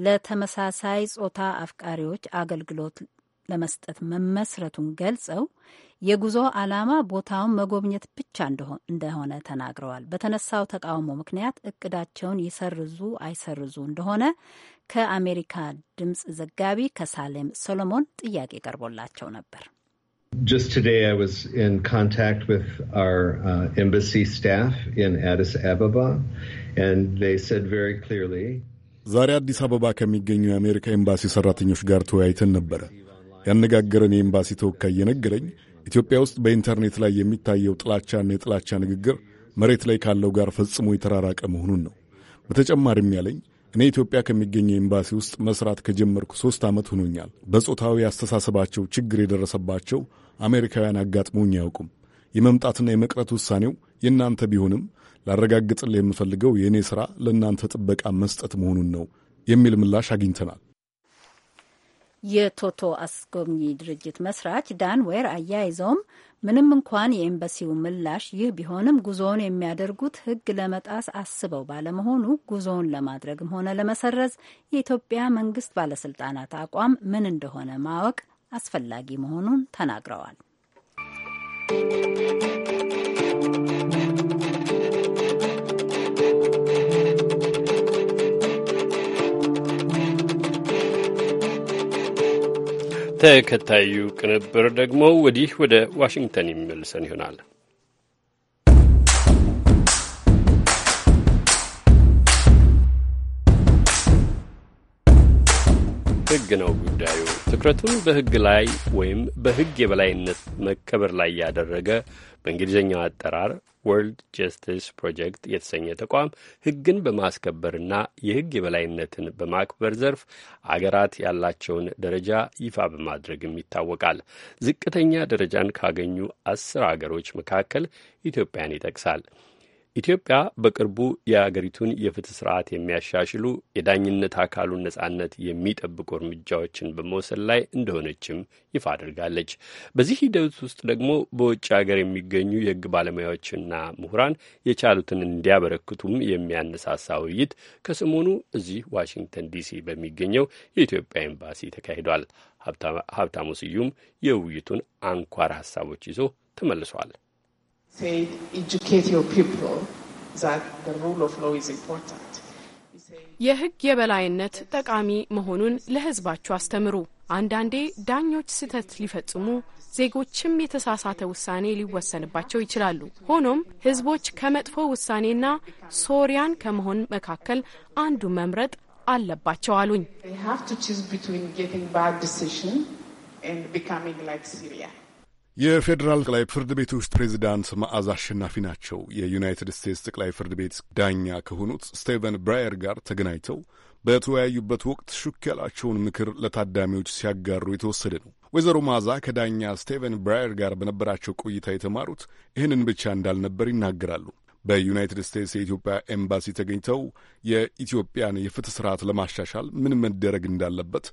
ለተመሳሳይ ጾታ አፍቃሪዎች አገልግሎት ለመስጠት መመስረቱን ገልጸው የጉዞ ዓላማ ቦታውን መጎብኘት ብቻ እንደሆነ ተናግረዋል። በተነሳው ተቃውሞ ምክንያት እቅዳቸውን ይሰርዙ አይሰርዙ እንደሆነ ከአሜሪካ ድምፅ ዘጋቢ ከሳሌም ሰሎሞን ጥያቄ ቀርቦላቸው ነበር። Just today, I was in contact with our uh, embassy staff in Addis Ababa, and they said very clearly. ዛሬ አዲስ አበባ ከሚገኙ የአሜሪካ ኤምባሲ ሰራተኞች ጋር ተወያይተን ነበረ። ያነጋገረን የኤምባሲ ተወካይ የነገረኝ ኢትዮጵያ ውስጥ በኢንተርኔት ላይ የሚታየው ጥላቻና የጥላቻ ንግግር መሬት ላይ ካለው ጋር ፈጽሞ የተራራቀ መሆኑን ነው። በተጨማሪም ያለኝ እኔ ኢትዮጵያ ከሚገኘው ኤምባሲ ውስጥ መስራት ከጀመርኩ ሶስት ዓመት ሆኖኛል። በጾታዊ አስተሳሰባቸው ችግር የደረሰባቸው አሜሪካውያን አጋጥሞኝ አያውቁም። የመምጣትና የመቅረት ውሳኔው የእናንተ ቢሆንም ላረጋግጥልህ የምፈልገው የእኔ ሥራ ለእናንተ ጥበቃ መስጠት መሆኑን ነው የሚል ምላሽ አግኝተናል። የቶቶ አስጎብኚ ድርጅት መስራች ዳን ዌር አያይዘውም ምንም እንኳን የኤምባሲው ምላሽ ይህ ቢሆንም ጉዞውን የሚያደርጉት ሕግ ለመጣስ አስበው ባለመሆኑ ጉዞውን ለማድረግም ሆነ ለመሰረዝ የኢትዮጵያ መንግስት ባለስልጣናት አቋም ምን እንደሆነ ማወቅ አስፈላጊ መሆኑን ተናግረዋል። ተከታዩ ቅንብር ደግሞ ወዲህ ወደ ዋሽንግተን የሚመልሰን ይሆናል። ሕግ ነው ጉዳዩ። ትኩረቱን በሕግ ላይ ወይም በሕግ የበላይነት መከበር ላይ ያደረገ በእንግሊዝኛው አጠራር ወርልድ ጀስቲስ ፕሮጀክት የተሰኘ ተቋም ሕግን በማስከበርና የሕግ የበላይነትን በማክበር ዘርፍ አገራት ያላቸውን ደረጃ ይፋ በማድረግም ይታወቃል። ዝቅተኛ ደረጃን ካገኙ አስር አገሮች መካከል ኢትዮጵያን ይጠቅሳል። ኢትዮጵያ በቅርቡ የአገሪቱን የፍትህ ስርዓት የሚያሻሽሉ የዳኝነት አካሉን ነጻነት የሚጠብቁ እርምጃዎችን በመውሰድ ላይ እንደሆነችም ይፋ አድርጋለች። በዚህ ሂደት ውስጥ ደግሞ በውጭ ሀገር የሚገኙ የህግ ባለሙያዎችና ምሁራን የቻሉትን እንዲያበረክቱም የሚያነሳሳ ውይይት ከሰሞኑ እዚህ ዋሽንግተን ዲሲ በሚገኘው የኢትዮጵያ ኤምባሲ ተካሂዷል። ሀብታሙ ስዩም የውይይቱን አንኳር ሀሳቦች ይዞ ተመልሷል። የህግ የበላይነት ጠቃሚ መሆኑን ለሕዝባችሁ አስተምሩ። አንዳንዴ ዳኞች ስህተት ሊፈጽሙ፣ ዜጎችም የተሳሳተ ውሳኔ ሊወሰንባቸው ይችላሉ። ሆኖም ህዝቦች ከመጥፎ ውሳኔና ሶሪያን ከመሆን መካከል አንዱ መምረጥ አለባቸው አሉኝ። የፌዴራል ጠቅላይ ፍርድ ቤት ውስጥ ፕሬዚዳንት መዓዛ አሸናፊ ናቸው። የዩናይትድ ስቴትስ ጠቅላይ ፍርድ ቤት ዳኛ ከሆኑት ስቴቨን ብራየር ጋር ተገናኝተው በተወያዩበት ወቅት ሹክ ያላቸውን ምክር ለታዳሚዎች ሲያጋሩ የተወሰደ ነው። ወይዘሮ መዓዛ ከዳኛ ስቴቨን ብራየር ጋር በነበራቸው ቆይታ የተማሩት ይህንን ብቻ እንዳልነበር ይናገራሉ። በዩናይትድ ስቴትስ የኢትዮጵያ ኤምባሲ ተገኝተው የኢትዮጵያን የፍትህ ስርዓት ለማሻሻል ምን መደረግ እንዳለበት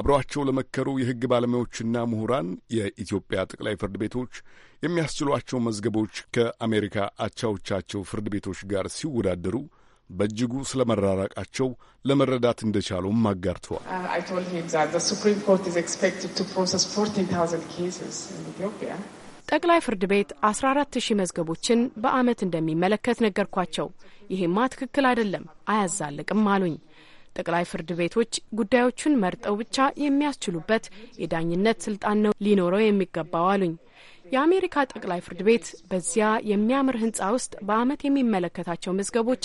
አብረዋቸው ለመከሩ የሕግ ባለሙያዎችና ምሁራን የኢትዮጵያ ጠቅላይ ፍርድ ቤቶች የሚያስችሏቸው መዝገቦች ከአሜሪካ አቻዎቻቸው ፍርድ ቤቶች ጋር ሲወዳደሩ በእጅጉ ስለ መራራቃቸው ለመረዳት እንደቻሉም አጋርተዋል። uh, ጠቅላይ ፍርድ ቤት 14 መዝገቦችን በአመት እንደሚመለከት ነገርኳቸው። ይሄማ ትክክል አይደለም፣ አያዛልቅም አሉኝ። ጠቅላይ ፍርድ ቤቶች ጉዳዮቹን መርጠው ብቻ የሚያስችሉበት የዳኝነት ስልጣን ነው ሊኖረው የሚገባው አሉኝ። የአሜሪካ ጠቅላይ ፍርድ ቤት በዚያ የሚያምር ህንጻ ውስጥ በአመት የሚመለከታቸው መዝገቦች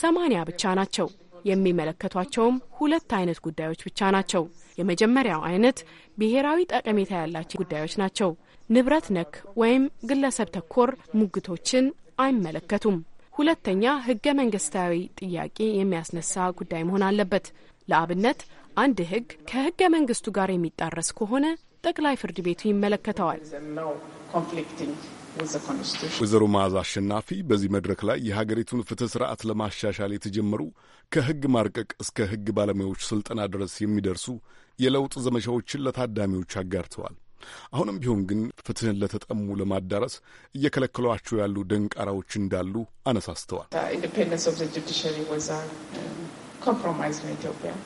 ሰማንያ ብቻ ናቸው። የሚመለከቷቸውም ሁለት አይነት ጉዳዮች ብቻ ናቸው። የመጀመሪያው አይነት ብሔራዊ ጠቀሜታ ያላቸው ጉዳዮች ናቸው። ንብረት ነክ ወይም ግለሰብ ተኮር ሙግቶችን አይመለከቱም። ሁለተኛ ህገ መንግስታዊ ጥያቄ የሚያስነሳ ጉዳይ መሆን አለበት። ለአብነት አንድ ህግ ከህገ መንግስቱ ጋር የሚጣረስ ከሆነ ጠቅላይ ፍርድ ቤቱ ይመለከተዋል። ወይዘሮ መዓዛ አሸናፊ በዚህ መድረክ ላይ የሀገሪቱን ፍትህ ስርዓት ለማሻሻል የተጀመሩ ከህግ ማርቀቅ እስከ ህግ ባለሙያዎች ስልጠና ድረስ የሚደርሱ የለውጥ ዘመቻዎችን ለታዳሚዎች አጋርተዋል። አሁንም ቢሆን ግን ፍትህን ለተጠሙ ለማዳረስ እየከለከሏቸው ያሉ ደንቃራዎች እንዳሉ አነሳስተዋል። um,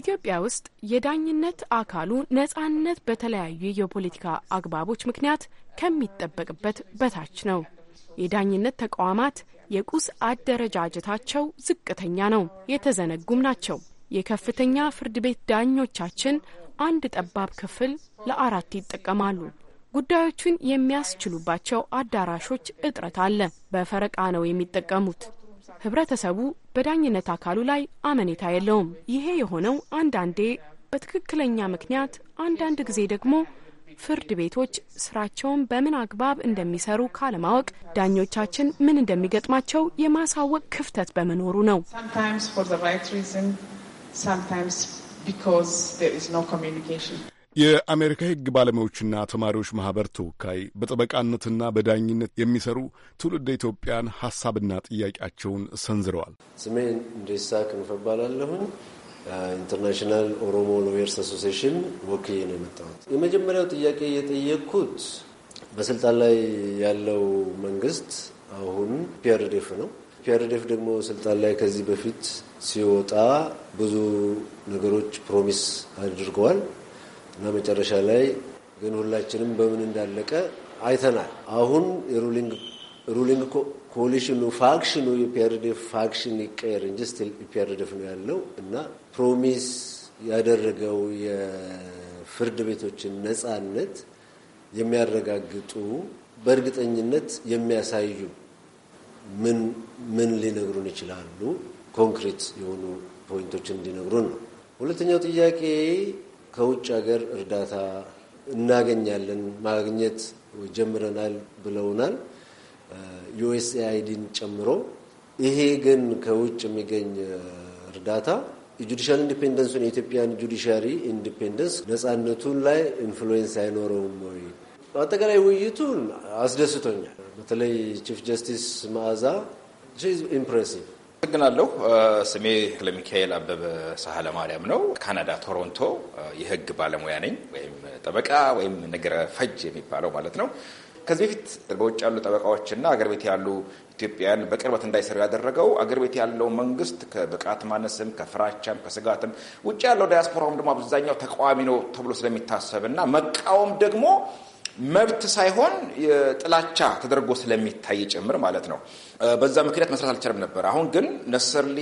ኢትዮጵያ ውስጥ የዳኝነት አካሉ ነጻነት በተለያዩ የፖለቲካ አግባቦች ምክንያት ከሚጠበቅበት በታች ነው። የዳኝነት ተቋማት የቁስ አደረጃጀታቸው ዝቅተኛ ነው፣ የተዘነጉም ናቸው። የከፍተኛ ፍርድ ቤት ዳኞቻችን አንድ ጠባብ ክፍል ለአራት ይጠቀማሉ። ጉዳዮቹን የሚያስችሉባቸው አዳራሾች እጥረት አለ። በፈረቃ ነው የሚጠቀሙት። ህብረተሰቡ በዳኝነት አካሉ ላይ አመኔታ የለውም። ይሄ የሆነው አንዳንዴ በትክክለኛ ምክንያት፣ አንዳንድ ጊዜ ደግሞ ፍርድ ቤቶች ስራቸውን በምን አግባብ እንደሚሰሩ ካለማወቅ ዳኞቻችን ምን እንደሚገጥማቸው የማሳወቅ ክፍተት በመኖሩ ነው። sometimes because there is no communication የአሜሪካ የሕግ ባለሙያዎችና ተማሪዎች ማህበር ተወካይ በጠበቃነትና በዳኝነት የሚሰሩ ትውልደ ኢትዮጵያን ሀሳብና ጥያቄያቸውን ሰንዝረዋል። ስሜ እንዴሳ ክንፈ እባላለሁኝ። ኢንተርናሽናል ኦሮሞ ሎየርስ አሶሲሽን ወክዬ ነው የመጣሁት። የመጀመሪያው ጥያቄ የጠየቅኩት በስልጣን ላይ ያለው መንግስት አሁን ፒአርዴፍ ነው። ፒአርዴፍ ደግሞ ስልጣን ላይ ከዚህ በፊት ሲወጣ ብዙ ነገሮች ፕሮሚስ አድርገዋል እና መጨረሻ ላይ ግን ሁላችንም በምን እንዳለቀ አይተናል። አሁን ሩሊንግ ኮሊሽኑ ፋክሽኑ የፒአርዲኤፍ ፋክሽን ይቀየር እንጂ ስቲል የፒአርዲኤፍ ነው ያለው እና ፕሮሚስ ያደረገው የፍርድ ቤቶችን ነፃነት የሚያረጋግጡ በእርግጠኝነት የሚያሳዩ ምን ምን ሊነግሩን ይችላሉ? ኮንክሪት የሆኑ ፖይንቶችን እንዲነግሩን ነው። ሁለተኛው ጥያቄ ከውጭ ሀገር እርዳታ እናገኛለን ማግኘት ጀምረናል ብለውናል፣ ዩኤስኤአይዲን ጨምሮ። ይሄ ግን ከውጭ የሚገኝ እርዳታ የጁዲሻል ኢንዲፔንደንሱን የኢትዮጵያን ጁዲሻሪ ኢንዲፔንደንስ ነፃነቱን ላይ ኢንፍሉዌንስ አይኖረውም ወይ? አጠቃላይ ውይይቱን አስደስቶኛል። በተለይ ቺፍ ጀስቲስ መዓዛ ኢምፕሬሲቭ አመሰግናለሁ። ስሜ ለሚካኤል አበበ ሳህለ ማርያም ነው። ካናዳ ቶሮንቶ የህግ ባለሙያ ነኝ፣ ወይም ጠበቃ ወይም ነገረ ፈጅ የሚባለው ማለት ነው። ከዚህ በፊት በውጭ ያሉ ጠበቃዎችና አገር ቤት ያሉ ኢትዮጵያውያን በቅርበት እንዳይሰሩ ያደረገው አገር ቤት ያለው መንግስት ከብቃት ማነስም ከፍራቻም ከስጋትም ውጭ ያለው ዳያስፖራውም ደግሞ አብዛኛው ተቃዋሚ ነው ተብሎ ስለሚታሰብ እና መቃወም ደግሞ መብት ሳይሆን ጥላቻ ተደርጎ ስለሚታይ ጭምር ማለት ነው። በዛ ምክንያት መስራት አልቻለም ነበር። አሁን ግን ነሰርሊ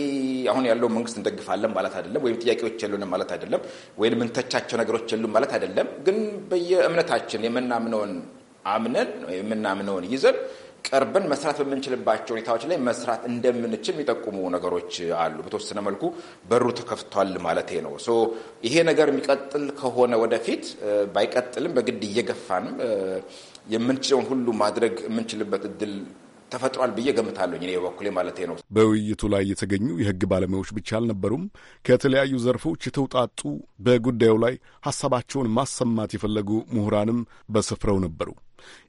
አሁን ያለው መንግስት እንደግፋለን ማለት አይደለም፣ ወይም ጥያቄዎች የሉን ማለት አይደለም፣ ወይም የምንተቻቸው ነገሮች የሉን ማለት አይደለም። ግን በየእምነታችን የምናምነውን አምነን የምናምነውን ይዘን ቀርበን መስራት በምንችልባቸው ሁኔታዎች ላይ መስራት እንደምንችል የሚጠቁሙ ነገሮች አሉ። በተወሰነ መልኩ በሩ ተከፍቷል ማለት ነው። ሶ ይሄ ነገር የሚቀጥል ከሆነ ወደፊት ባይቀጥልም በግድ እየገፋንም የምንችለውን ሁሉ ማድረግ የምንችልበት እድል ተፈጥሯል ብዬ ገምታለሁ እኔ በበኩሌ ማለት ነው። በውይይቱ ላይ የተገኙ የህግ ባለሙያዎች ብቻ አልነበሩም። ከተለያዩ ዘርፎች የተውጣጡ በጉዳዩ ላይ ሀሳባቸውን ማሰማት የፈለጉ ምሁራንም በስፍራው ነበሩ።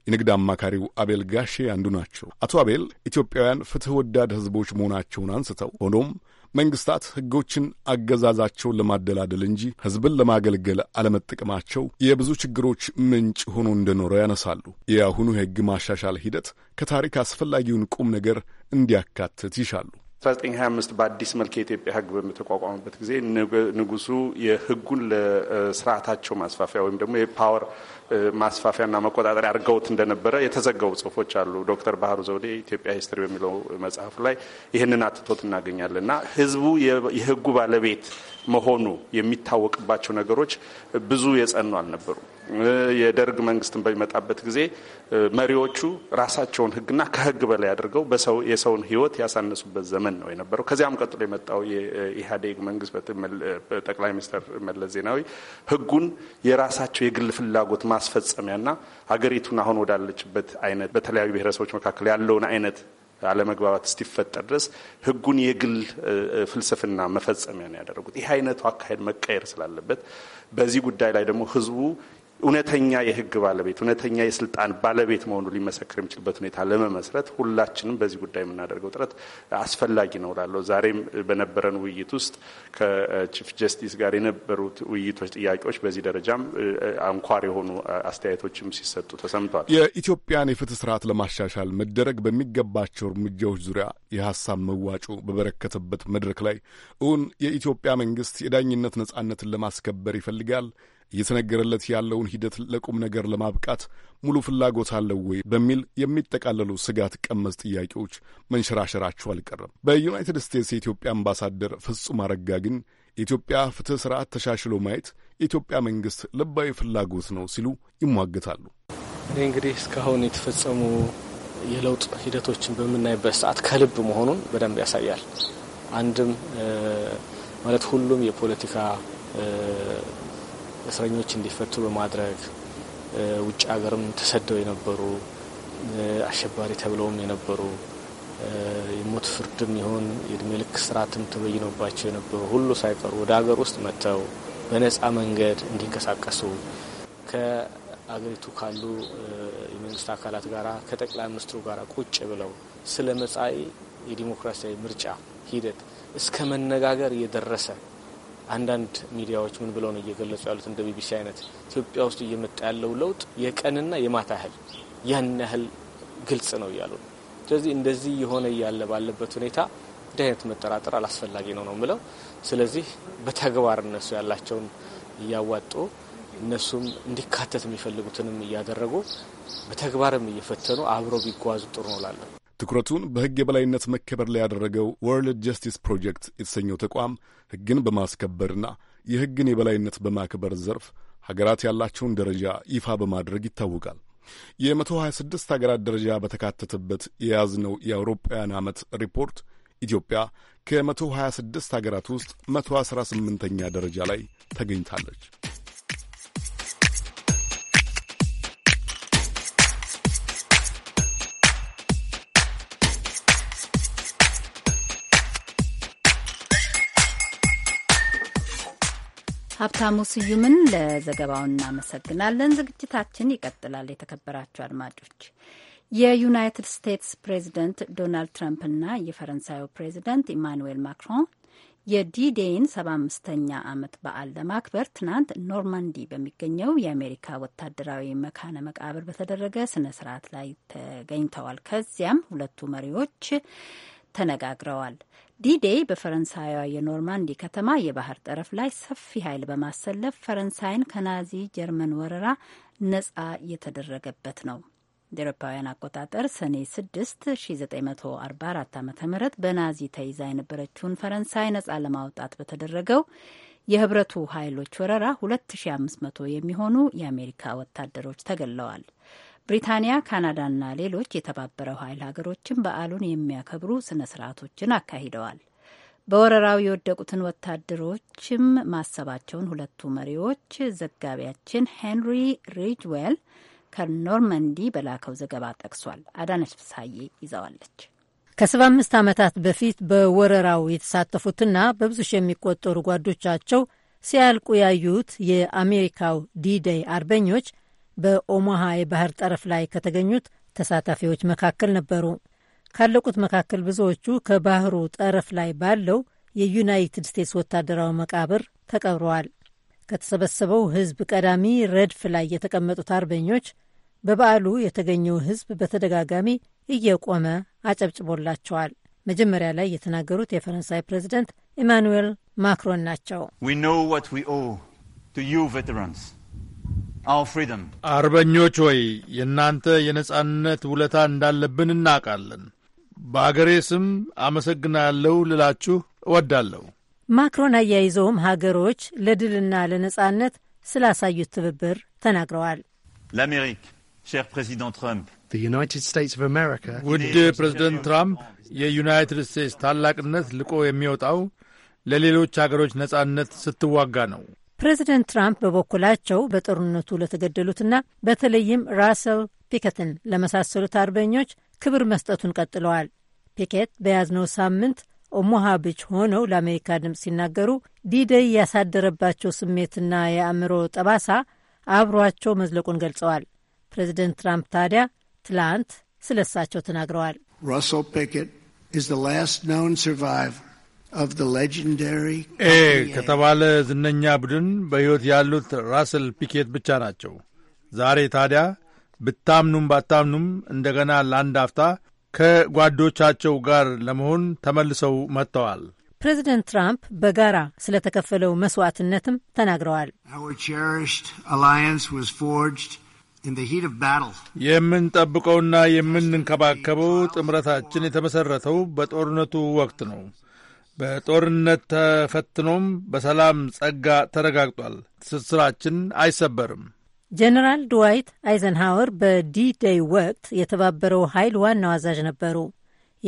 የንግድ አማካሪው አቤል ጋሼ አንዱ ናቸው። አቶ አቤል ኢትዮጵያውያን ፍትህ ወዳድ ህዝቦች መሆናቸውን አንስተው ሆኖም መንግስታት ህጎችን አገዛዛቸውን ለማደላደል እንጂ ህዝብን ለማገልገል አለመጠቀማቸው የብዙ ችግሮች ምንጭ ሆኖ እንደኖረው ያነሳሉ። የአሁኑ የህግ ማሻሻል ሂደት ከታሪክ አስፈላጊውን ቁም ነገር እንዲያካትት ይሻሉ። 1925 በአዲስ መልክ የኢትዮጵያ ህግ በምተቋቋመበት ጊዜ ንጉሱ የህጉን ለስርዓታቸው ማስፋፊያ ወይም ደግሞ የፓወር ማስፋፊያና መቆጣጠሪያ አድርገውት እንደነበረ የተዘገቡ ጽሁፎች አሉ። ዶክተር ባህሩ ዘውዴ ኢትዮጵያ ሂስትሪ በሚለው መጽሐፍ ላይ ይህንን አትቶት እናገኛለን እና ህዝቡ የህጉ ባለቤት መሆኑ የሚታወቅባቸው ነገሮች ብዙ የጸኑ አልነበሩ። የደርግ መንግስትን በሚመጣበት ጊዜ መሪዎቹ ራሳቸውን ህግና ከህግ በላይ አድርገው የሰውን ህይወት ያሳነሱበት ዘመን ነው የነበረው። ከዚያም ቀጥሎ የመጣው የኢህአዴግ መንግስት ጠቅላይ ሚኒስትር መለስ ዜናዊ ህጉን የራሳቸው የግል ፍላጎት ማ ማስፈጸሚያና ሀገሪቱን አሁን ወዳለችበት አይነት በተለያዩ ብሔረሰቦች መካከል ያለውን አይነት አለመግባባት እስቲፈጠር ድረስ ህጉን የግል ፍልስፍና መፈጸሚያ ነው ያደረጉት። ይህ አይነቱ አካሄድ መቀየር ስላለበት በዚህ ጉዳይ ላይ ደግሞ ህዝቡ እውነተኛ የህግ ባለቤት እውነተኛ የስልጣን ባለቤት መሆኑ ሊመሰክር የሚችልበት ሁኔታ ለመመስረት ሁላችንም በዚህ ጉዳይ የምናደርገው ጥረት አስፈላጊ ነው ላለው ዛሬም በነበረን ውይይት ውስጥ ከቺፍ ጀስቲስ ጋር የነበሩት ውይይቶች፣ ጥያቄዎች በዚህ ደረጃም አንኳር የሆኑ አስተያየቶችም ሲሰጡ ተሰምቷል። የኢትዮጵያን የፍትህ ስርዓት ለማሻሻል መደረግ በሚገባቸው እርምጃዎች ዙሪያ የሀሳብ መዋጮ በበረከተበት መድረክ ላይ እውን የኢትዮጵያ መንግስት የዳኝነት ነጻነትን ለማስከበር ይፈልጋል እየተነገረለት ያለውን ሂደት ለቁም ነገር ለማብቃት ሙሉ ፍላጎት አለው ወይ በሚል የሚጠቃለሉ ስጋት ቀመስ ጥያቄዎች መንሸራሸራቸው አልቀረም። በዩናይትድ ስቴትስ የኢትዮጵያ አምባሳደር ፍጹም አረጋ ግን የኢትዮጵያ ፍትህ ስርዓት ተሻሽሎ ማየት የኢትዮጵያ መንግስት ልባዊ ፍላጎት ነው ሲሉ ይሟገታሉ። እኔ እንግዲህ እስካሁን የተፈጸሙ የለውጥ ሂደቶችን በምናይበት ሰዓት ከልብ መሆኑን በደንብ ያሳያል። አንድም ማለት ሁሉም የፖለቲካ እስረኞች እንዲፈቱ በማድረግ ውጭ ሀገርም ተሰደው የነበሩ አሸባሪ ተብለውም የነበሩ የሞት ፍርድም ይሁን የእድሜ ልክ ስርዓትም ተበይኖባቸው የነበሩ ሁሉ ሳይቀሩ ወደ ሀገር ውስጥ መጥተው በነጻ መንገድ እንዲንቀሳቀሱ ከአገሪቱ ካሉ የመንግስት አካላት ጋር ከጠቅላይ ሚኒስትሩ ጋር ቁጭ ብለው ስለ መጻኢ የዲሞክራሲያዊ ምርጫ ሂደት እስከ መነጋገር የደረሰ አንዳንድ ሚዲያዎች ምን ብለው ነው እየገለጹ ያሉት? እንደ ቢቢሲ አይነት ኢትዮጵያ ውስጥ እየመጣ ያለው ለውጥ የቀንና የማታ ያህል ያን ያህል ግልጽ ነው እያሉ ነው። ስለዚህ እንደዚህ የሆነ እያለ ባለበት ሁኔታ እንዲህ አይነት መጠራጠር አላስፈላጊ ነው ነው ምለው። ስለዚህ በተግባር እነሱ ያላቸውን እያዋጡ እነሱም እንዲካተት የሚፈልጉትንም እያደረጉ በተግባርም እየፈተኑ አብረው ቢጓዙ ጥሩ ነው ላለን ትኩረቱን በሕግ የበላይነት መከበር ላይ ያደረገው ወርልድ ጀስቲስ ፕሮጀክት የተሰኘው ተቋም ሕግን በማስከበርና የሕግን የበላይነት በማክበር ዘርፍ ሀገራት ያላቸውን ደረጃ ይፋ በማድረግ ይታወቃል። የ126 ሀገራት ደረጃ በተካተተበት የያዝነው የአውሮፓውያን ዓመት ሪፖርት ኢትዮጵያ ከ126 ሀገራት ውስጥ 118ኛ ደረጃ ላይ ተገኝታለች። ሀብታሙ ስዩምን ለዘገባው እናመሰግናለን። ዝግጅታችን ይቀጥላል። የተከበራችሁ አድማጮች የዩናይትድ ስቴትስ ፕሬዚደንት ዶናልድ ትራምፕ እና የፈረንሳዩ ፕሬዚደንት ኢማኑዌል ማክሮን የዲዴይን 75 ምስተኛ ዓመት በዓል ለማክበር ትናንት ኖርማንዲ በሚገኘው የአሜሪካ ወታደራዊ መካነ መቃብር በተደረገ ስነ ስርዓት ላይ ተገኝተዋል። ከዚያም ሁለቱ መሪዎች ተነጋግረዋል። ዲዴይ በፈረንሳያ የኖርማንዲ ከተማ የባህር ጠረፍ ላይ ሰፊ ኃይል በማሰለፍ ፈረንሳይን ከናዚ ጀርመን ወረራ ነጻ የተደረገበት ነው። እንደ አቆጣጠር ሰኔ 6 1944 ዓ ም በናዚ ተይዛ የነበረችውን ፈረንሳይ ነጻ ለማውጣት በተደረገው የህብረቱ ኃይሎች ወረራ 2500 የሚሆኑ የአሜሪካ ወታደሮች ተገለዋል። ብሪታንያ፣ ካናዳና ሌሎች የተባበረው ኃይል ሀገሮችን በዓሉን የሚያከብሩ ስነ ስርዓቶችን አካሂደዋል። በወረራው የወደቁትን ወታደሮችም ማሰባቸውን ሁለቱ መሪዎች ዘጋቢያችን ሄንሪ ሪጅዌል ከኖርመንዲ በላከው ዘገባ ጠቅሷል። አዳነች ፍሳዬ ይዘዋለች። ከሰባ አምስት ዓመታት በፊት በወረራው የተሳተፉትና በብዙ ሺህ የሚቆጠሩ ጓዶቻቸው ሲያልቁ ያዩት የአሜሪካው ዲደይ አርበኞች በኦማሃ የባህር ጠረፍ ላይ ከተገኙት ተሳታፊዎች መካከል ነበሩ። ካለቁት መካከል ብዙዎቹ ከባህሩ ጠረፍ ላይ ባለው የዩናይትድ ስቴትስ ወታደራዊ መቃብር ተቀብረዋል። ከተሰበሰበው ሕዝብ ቀዳሚ ረድፍ ላይ የተቀመጡት አርበኞች በበዓሉ የተገኘው ሕዝብ በተደጋጋሚ እየቆመ አጨብጭቦላቸዋል። መጀመሪያ ላይ የተናገሩት የፈረንሳይ ፕሬዚደንት ኢማኑዌል ማክሮን ናቸው። አርበኞች ሆይ የእናንተ የነጻነት ውለታ እንዳለብን እናውቃለን። በአገሬ ስም አመሰግናለሁ ልላችሁ እወዳለሁ። ማክሮን አያይዘውም ሀገሮች ለድልና ለነጻነት ስላሳዩት ትብብር ተናግረዋል። ለአሜሪክ ሸር ፕሬዚዳንት ትራምፕ ውድ ፕሬዝደንት ትራምፕ የዩናይትድ ስቴትስ ታላቅነት ልቆ የሚወጣው ለሌሎች አገሮች ነጻነት ስትዋጋ ነው። ፕሬዚደንት ትራምፕ በበኩላቸው በጦርነቱ ለተገደሉትና በተለይም ራሰል ፒከትን ለመሳሰሉት አርበኞች ክብር መስጠቱን ቀጥለዋል። ፒኬት በያዝነው ሳምንት ኦሞሃ ብች ሆነው ለአሜሪካ ድምፅ ሲናገሩ ዲደይ ያሳደረባቸው ስሜትና የአእምሮ ጠባሳ አብሯቸው መዝለቁን ገልጸዋል። ፕሬዚደንት ትራምፕ ታዲያ ትላንት ስለሳቸው ተናግረዋል። ራሰል ፒኬት ኤ eh, ከተባለ ዝነኛ ቡድን በሕይወት ያሉት ራስል ፒኬት ብቻ ናቸው። ዛሬ ታዲያ ብታምኑም ባታምኑም እንደገና ለአንድ አፍታ ከጓዶቻቸው ጋር ለመሆን ተመልሰው መጥተዋል። ፕሬዚደንት ትራምፕ በጋራ ስለተከፈለው መስዋዕትነትም ተናግረዋል። የምንጠብቀውና የምንንከባከበው ጥምረታችን የተመሠረተው በጦርነቱ ወቅት ነው። በጦርነት ተፈትኖም በሰላም ጸጋ ተረጋግጧል። ትስስራችን አይሰበርም። ጀነራል ድዋይት አይዘንሃወር በዲደይ ወቅት የተባበረው ኃይል ዋናው አዛዥ ነበሩ።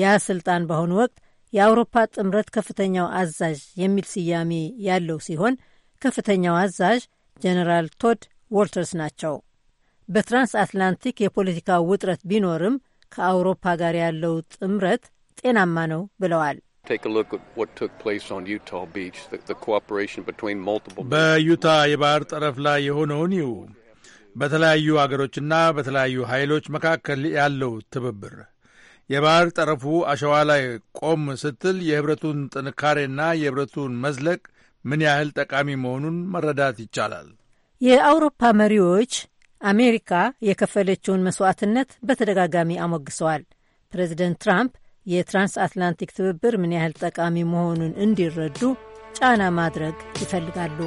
ያ ስልጣን በአሁኑ ወቅት የአውሮፓ ጥምረት ከፍተኛው አዛዥ የሚል ስያሜ ያለው ሲሆን ከፍተኛው አዛዥ ጀነራል ቶድ ዎልተርስ ናቸው። በትራንስ አትላንቲክ የፖለቲካ ውጥረት ቢኖርም ከአውሮፓ ጋር ያለው ጥምረት ጤናማ ነው ብለዋል። በዩታ የባህር ጠረፍ ላይ የሆነውን ይዩ። በተለያዩ አገሮችና በተለያዩ ኃይሎች መካከል ያለው ትብብር የባህር ጠረፉ አሸዋ ላይ ቆም ስትል የኅብረቱን ጥንካሬና የኅብረቱን መዝለቅ ምን ያህል ጠቃሚ መሆኑን መረዳት ይቻላል። የአውሮፓ መሪዎች አሜሪካ የከፈለችውን መስዋዕትነት በተደጋጋሚ አሞግሰዋል። ፕሬዚደንት ትራምፕ የትራንስ አትላንቲክ ትብብር ምን ያህል ጠቃሚ መሆኑን እንዲረዱ ጫና ማድረግ ይፈልጋሉ።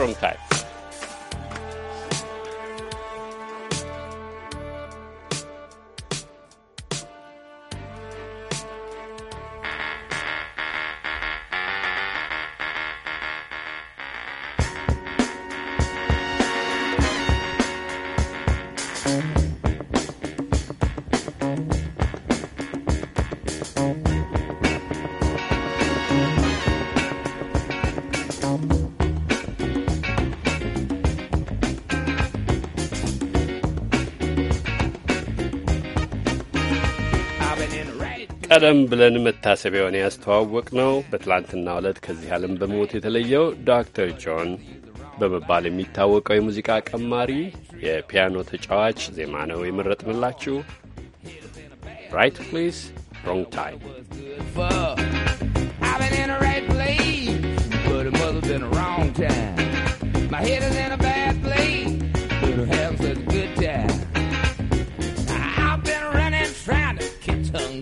from Kai. ቀደም ብለን መታሰቢያውን ያስተዋወቅ ነው በትላንትና ዕለት ከዚህ ዓለም በሞት የተለየው ዶክተር ጆን በመባል የሚታወቀው የሙዚቃ ቀማሪ የፒያኖ ተጫዋች ዜማ ነው የመረጥንላችሁ። Right place, wrong time. I've been in the right place, but it must have been the wrong time. My head is in a bad place,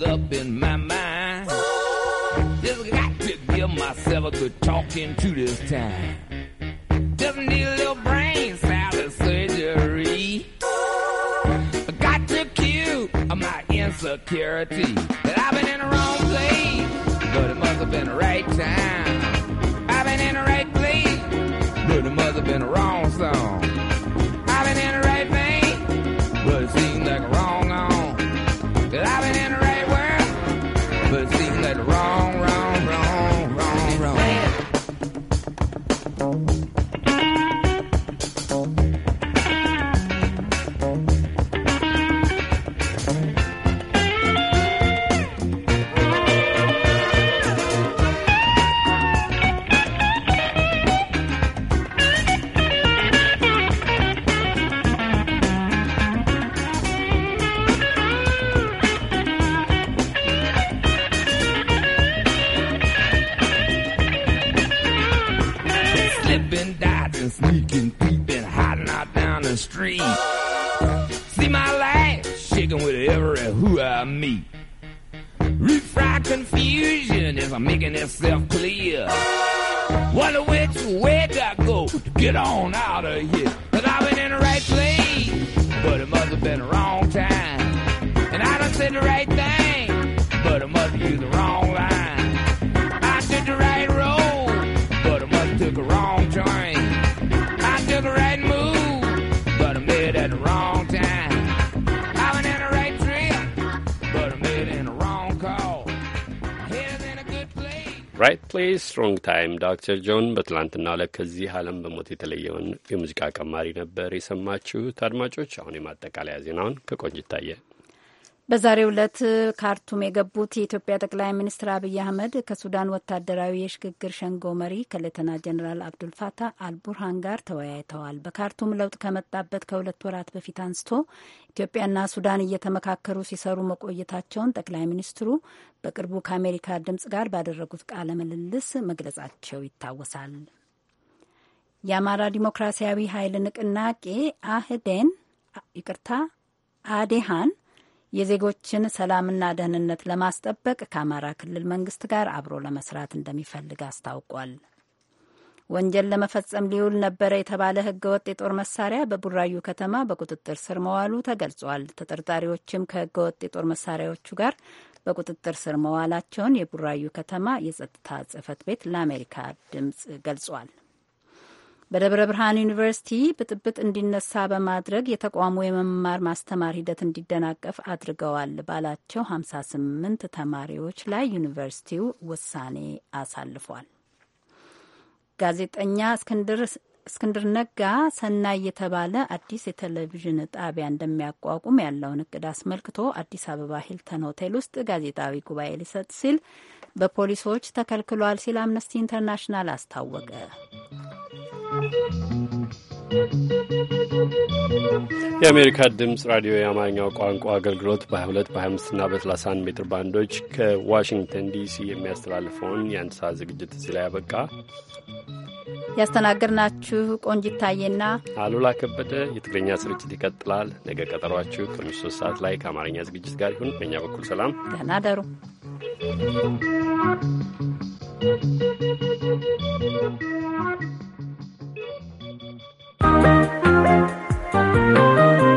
hung up in my mind. Just got to give myself a good talking to this time. Just need a little brain salad surgery. Got to cue my insecurity that I've been in the wrong place, but it must have been the right time. I've been in the right place, but it must have been the wrong song. I've been in the right vein, but it seems like a wrong. ታይም ዶክተር ጆን በትላንትና ዕለት ከዚህ ዓለም በሞት የተለየውን የሙዚቃ ቀማሪ ነበር የሰማችሁት። አድማጮች አሁን የማጠቃለያ ዜናውን ከቆንጅታየ በዛሬው ዕለት ካርቱም የገቡት የኢትዮጵያ ጠቅላይ ሚኒስትር አብይ አህመድ ከሱዳን ወታደራዊ የሽግግር ሸንጎ መሪ ከሌተና ጀኔራል አብዱልፋታ አልቡርሃን ጋር ተወያይተዋል። በካርቱም ለውጥ ከመጣበት ከሁለት ወራት በፊት አንስቶ ኢትዮጵያና ሱዳን እየተመካከሩ ሲሰሩ መቆየታቸውን ጠቅላይ ሚኒስትሩ በቅርቡ ከአሜሪካ ድምጽ ጋር ባደረጉት ቃለ ምልልስ መግለጻቸው ይታወሳል። የአማራ ዲሞክራሲያዊ ኃይል ንቅናቄ አህዴን ይቅርታ አዴሃን የዜጎችን ሰላምና ደህንነት ለማስጠበቅ ከአማራ ክልል መንግስት ጋር አብሮ ለመስራት እንደሚፈልግ አስታውቋል። ወንጀል ለመፈጸም ሊውል ነበረ የተባለ ህገ ወጥ የጦር መሳሪያ በቡራዩ ከተማ በቁጥጥር ስር መዋሉ ተገልጿል። ተጠርጣሪዎችም ከህገ ወጥ የጦር መሳሪያዎቹ ጋር በቁጥጥር ስር መዋላቸውን የቡራዩ ከተማ የጸጥታ ጽህፈት ቤት ለአሜሪካ ድምጽ ገልጿል። በደብረ ብርሃን ዩኒቨርሲቲ ብጥብጥ እንዲነሳ በማድረግ የተቋሙ የመማር ማስተማር ሂደት እንዲደናቀፍ አድርገዋል ባላቸው 58 ተማሪዎች ላይ ዩኒቨርሲቲው ውሳኔ አሳልፏል። ጋዜጠኛ እስክንድር እስክንድር ነጋ ሰናይ የተባለ አዲስ የቴሌቪዥን ጣቢያ እንደሚያቋቁም ያለውን እቅድ አስመልክቶ አዲስ አበባ ሂልተን ሆቴል ውስጥ ጋዜጣዊ ጉባኤ ሊሰጥ ሲል በፖሊሶች ተከልክሏል ሲል አምነስቲ ኢንተርናሽናል አስታወቀ። የአሜሪካ ድምፅ ራዲዮ የአማርኛው ቋንቋ አገልግሎት በ22 በ25ና በ31 ሜትር ባንዶች ከዋሽንግተን ዲሲ የሚያስተላልፈውን የአንድ ሰዓት ዝግጅት እዚህ ላይ ያበቃ። ያስተናገድናችሁ ቆንጅ ታዬና አሉላ ከበደ። የትግርኛ ስርጭት ይቀጥላል። ነገ ቀጠሯችሁ ከምሽቱ ሶስት ሰዓት ላይ ከአማርኛ ዝግጅት ጋር ይሁን። በእኛ በኩል ሰላም፣ ደህና ደሩ። Thank you.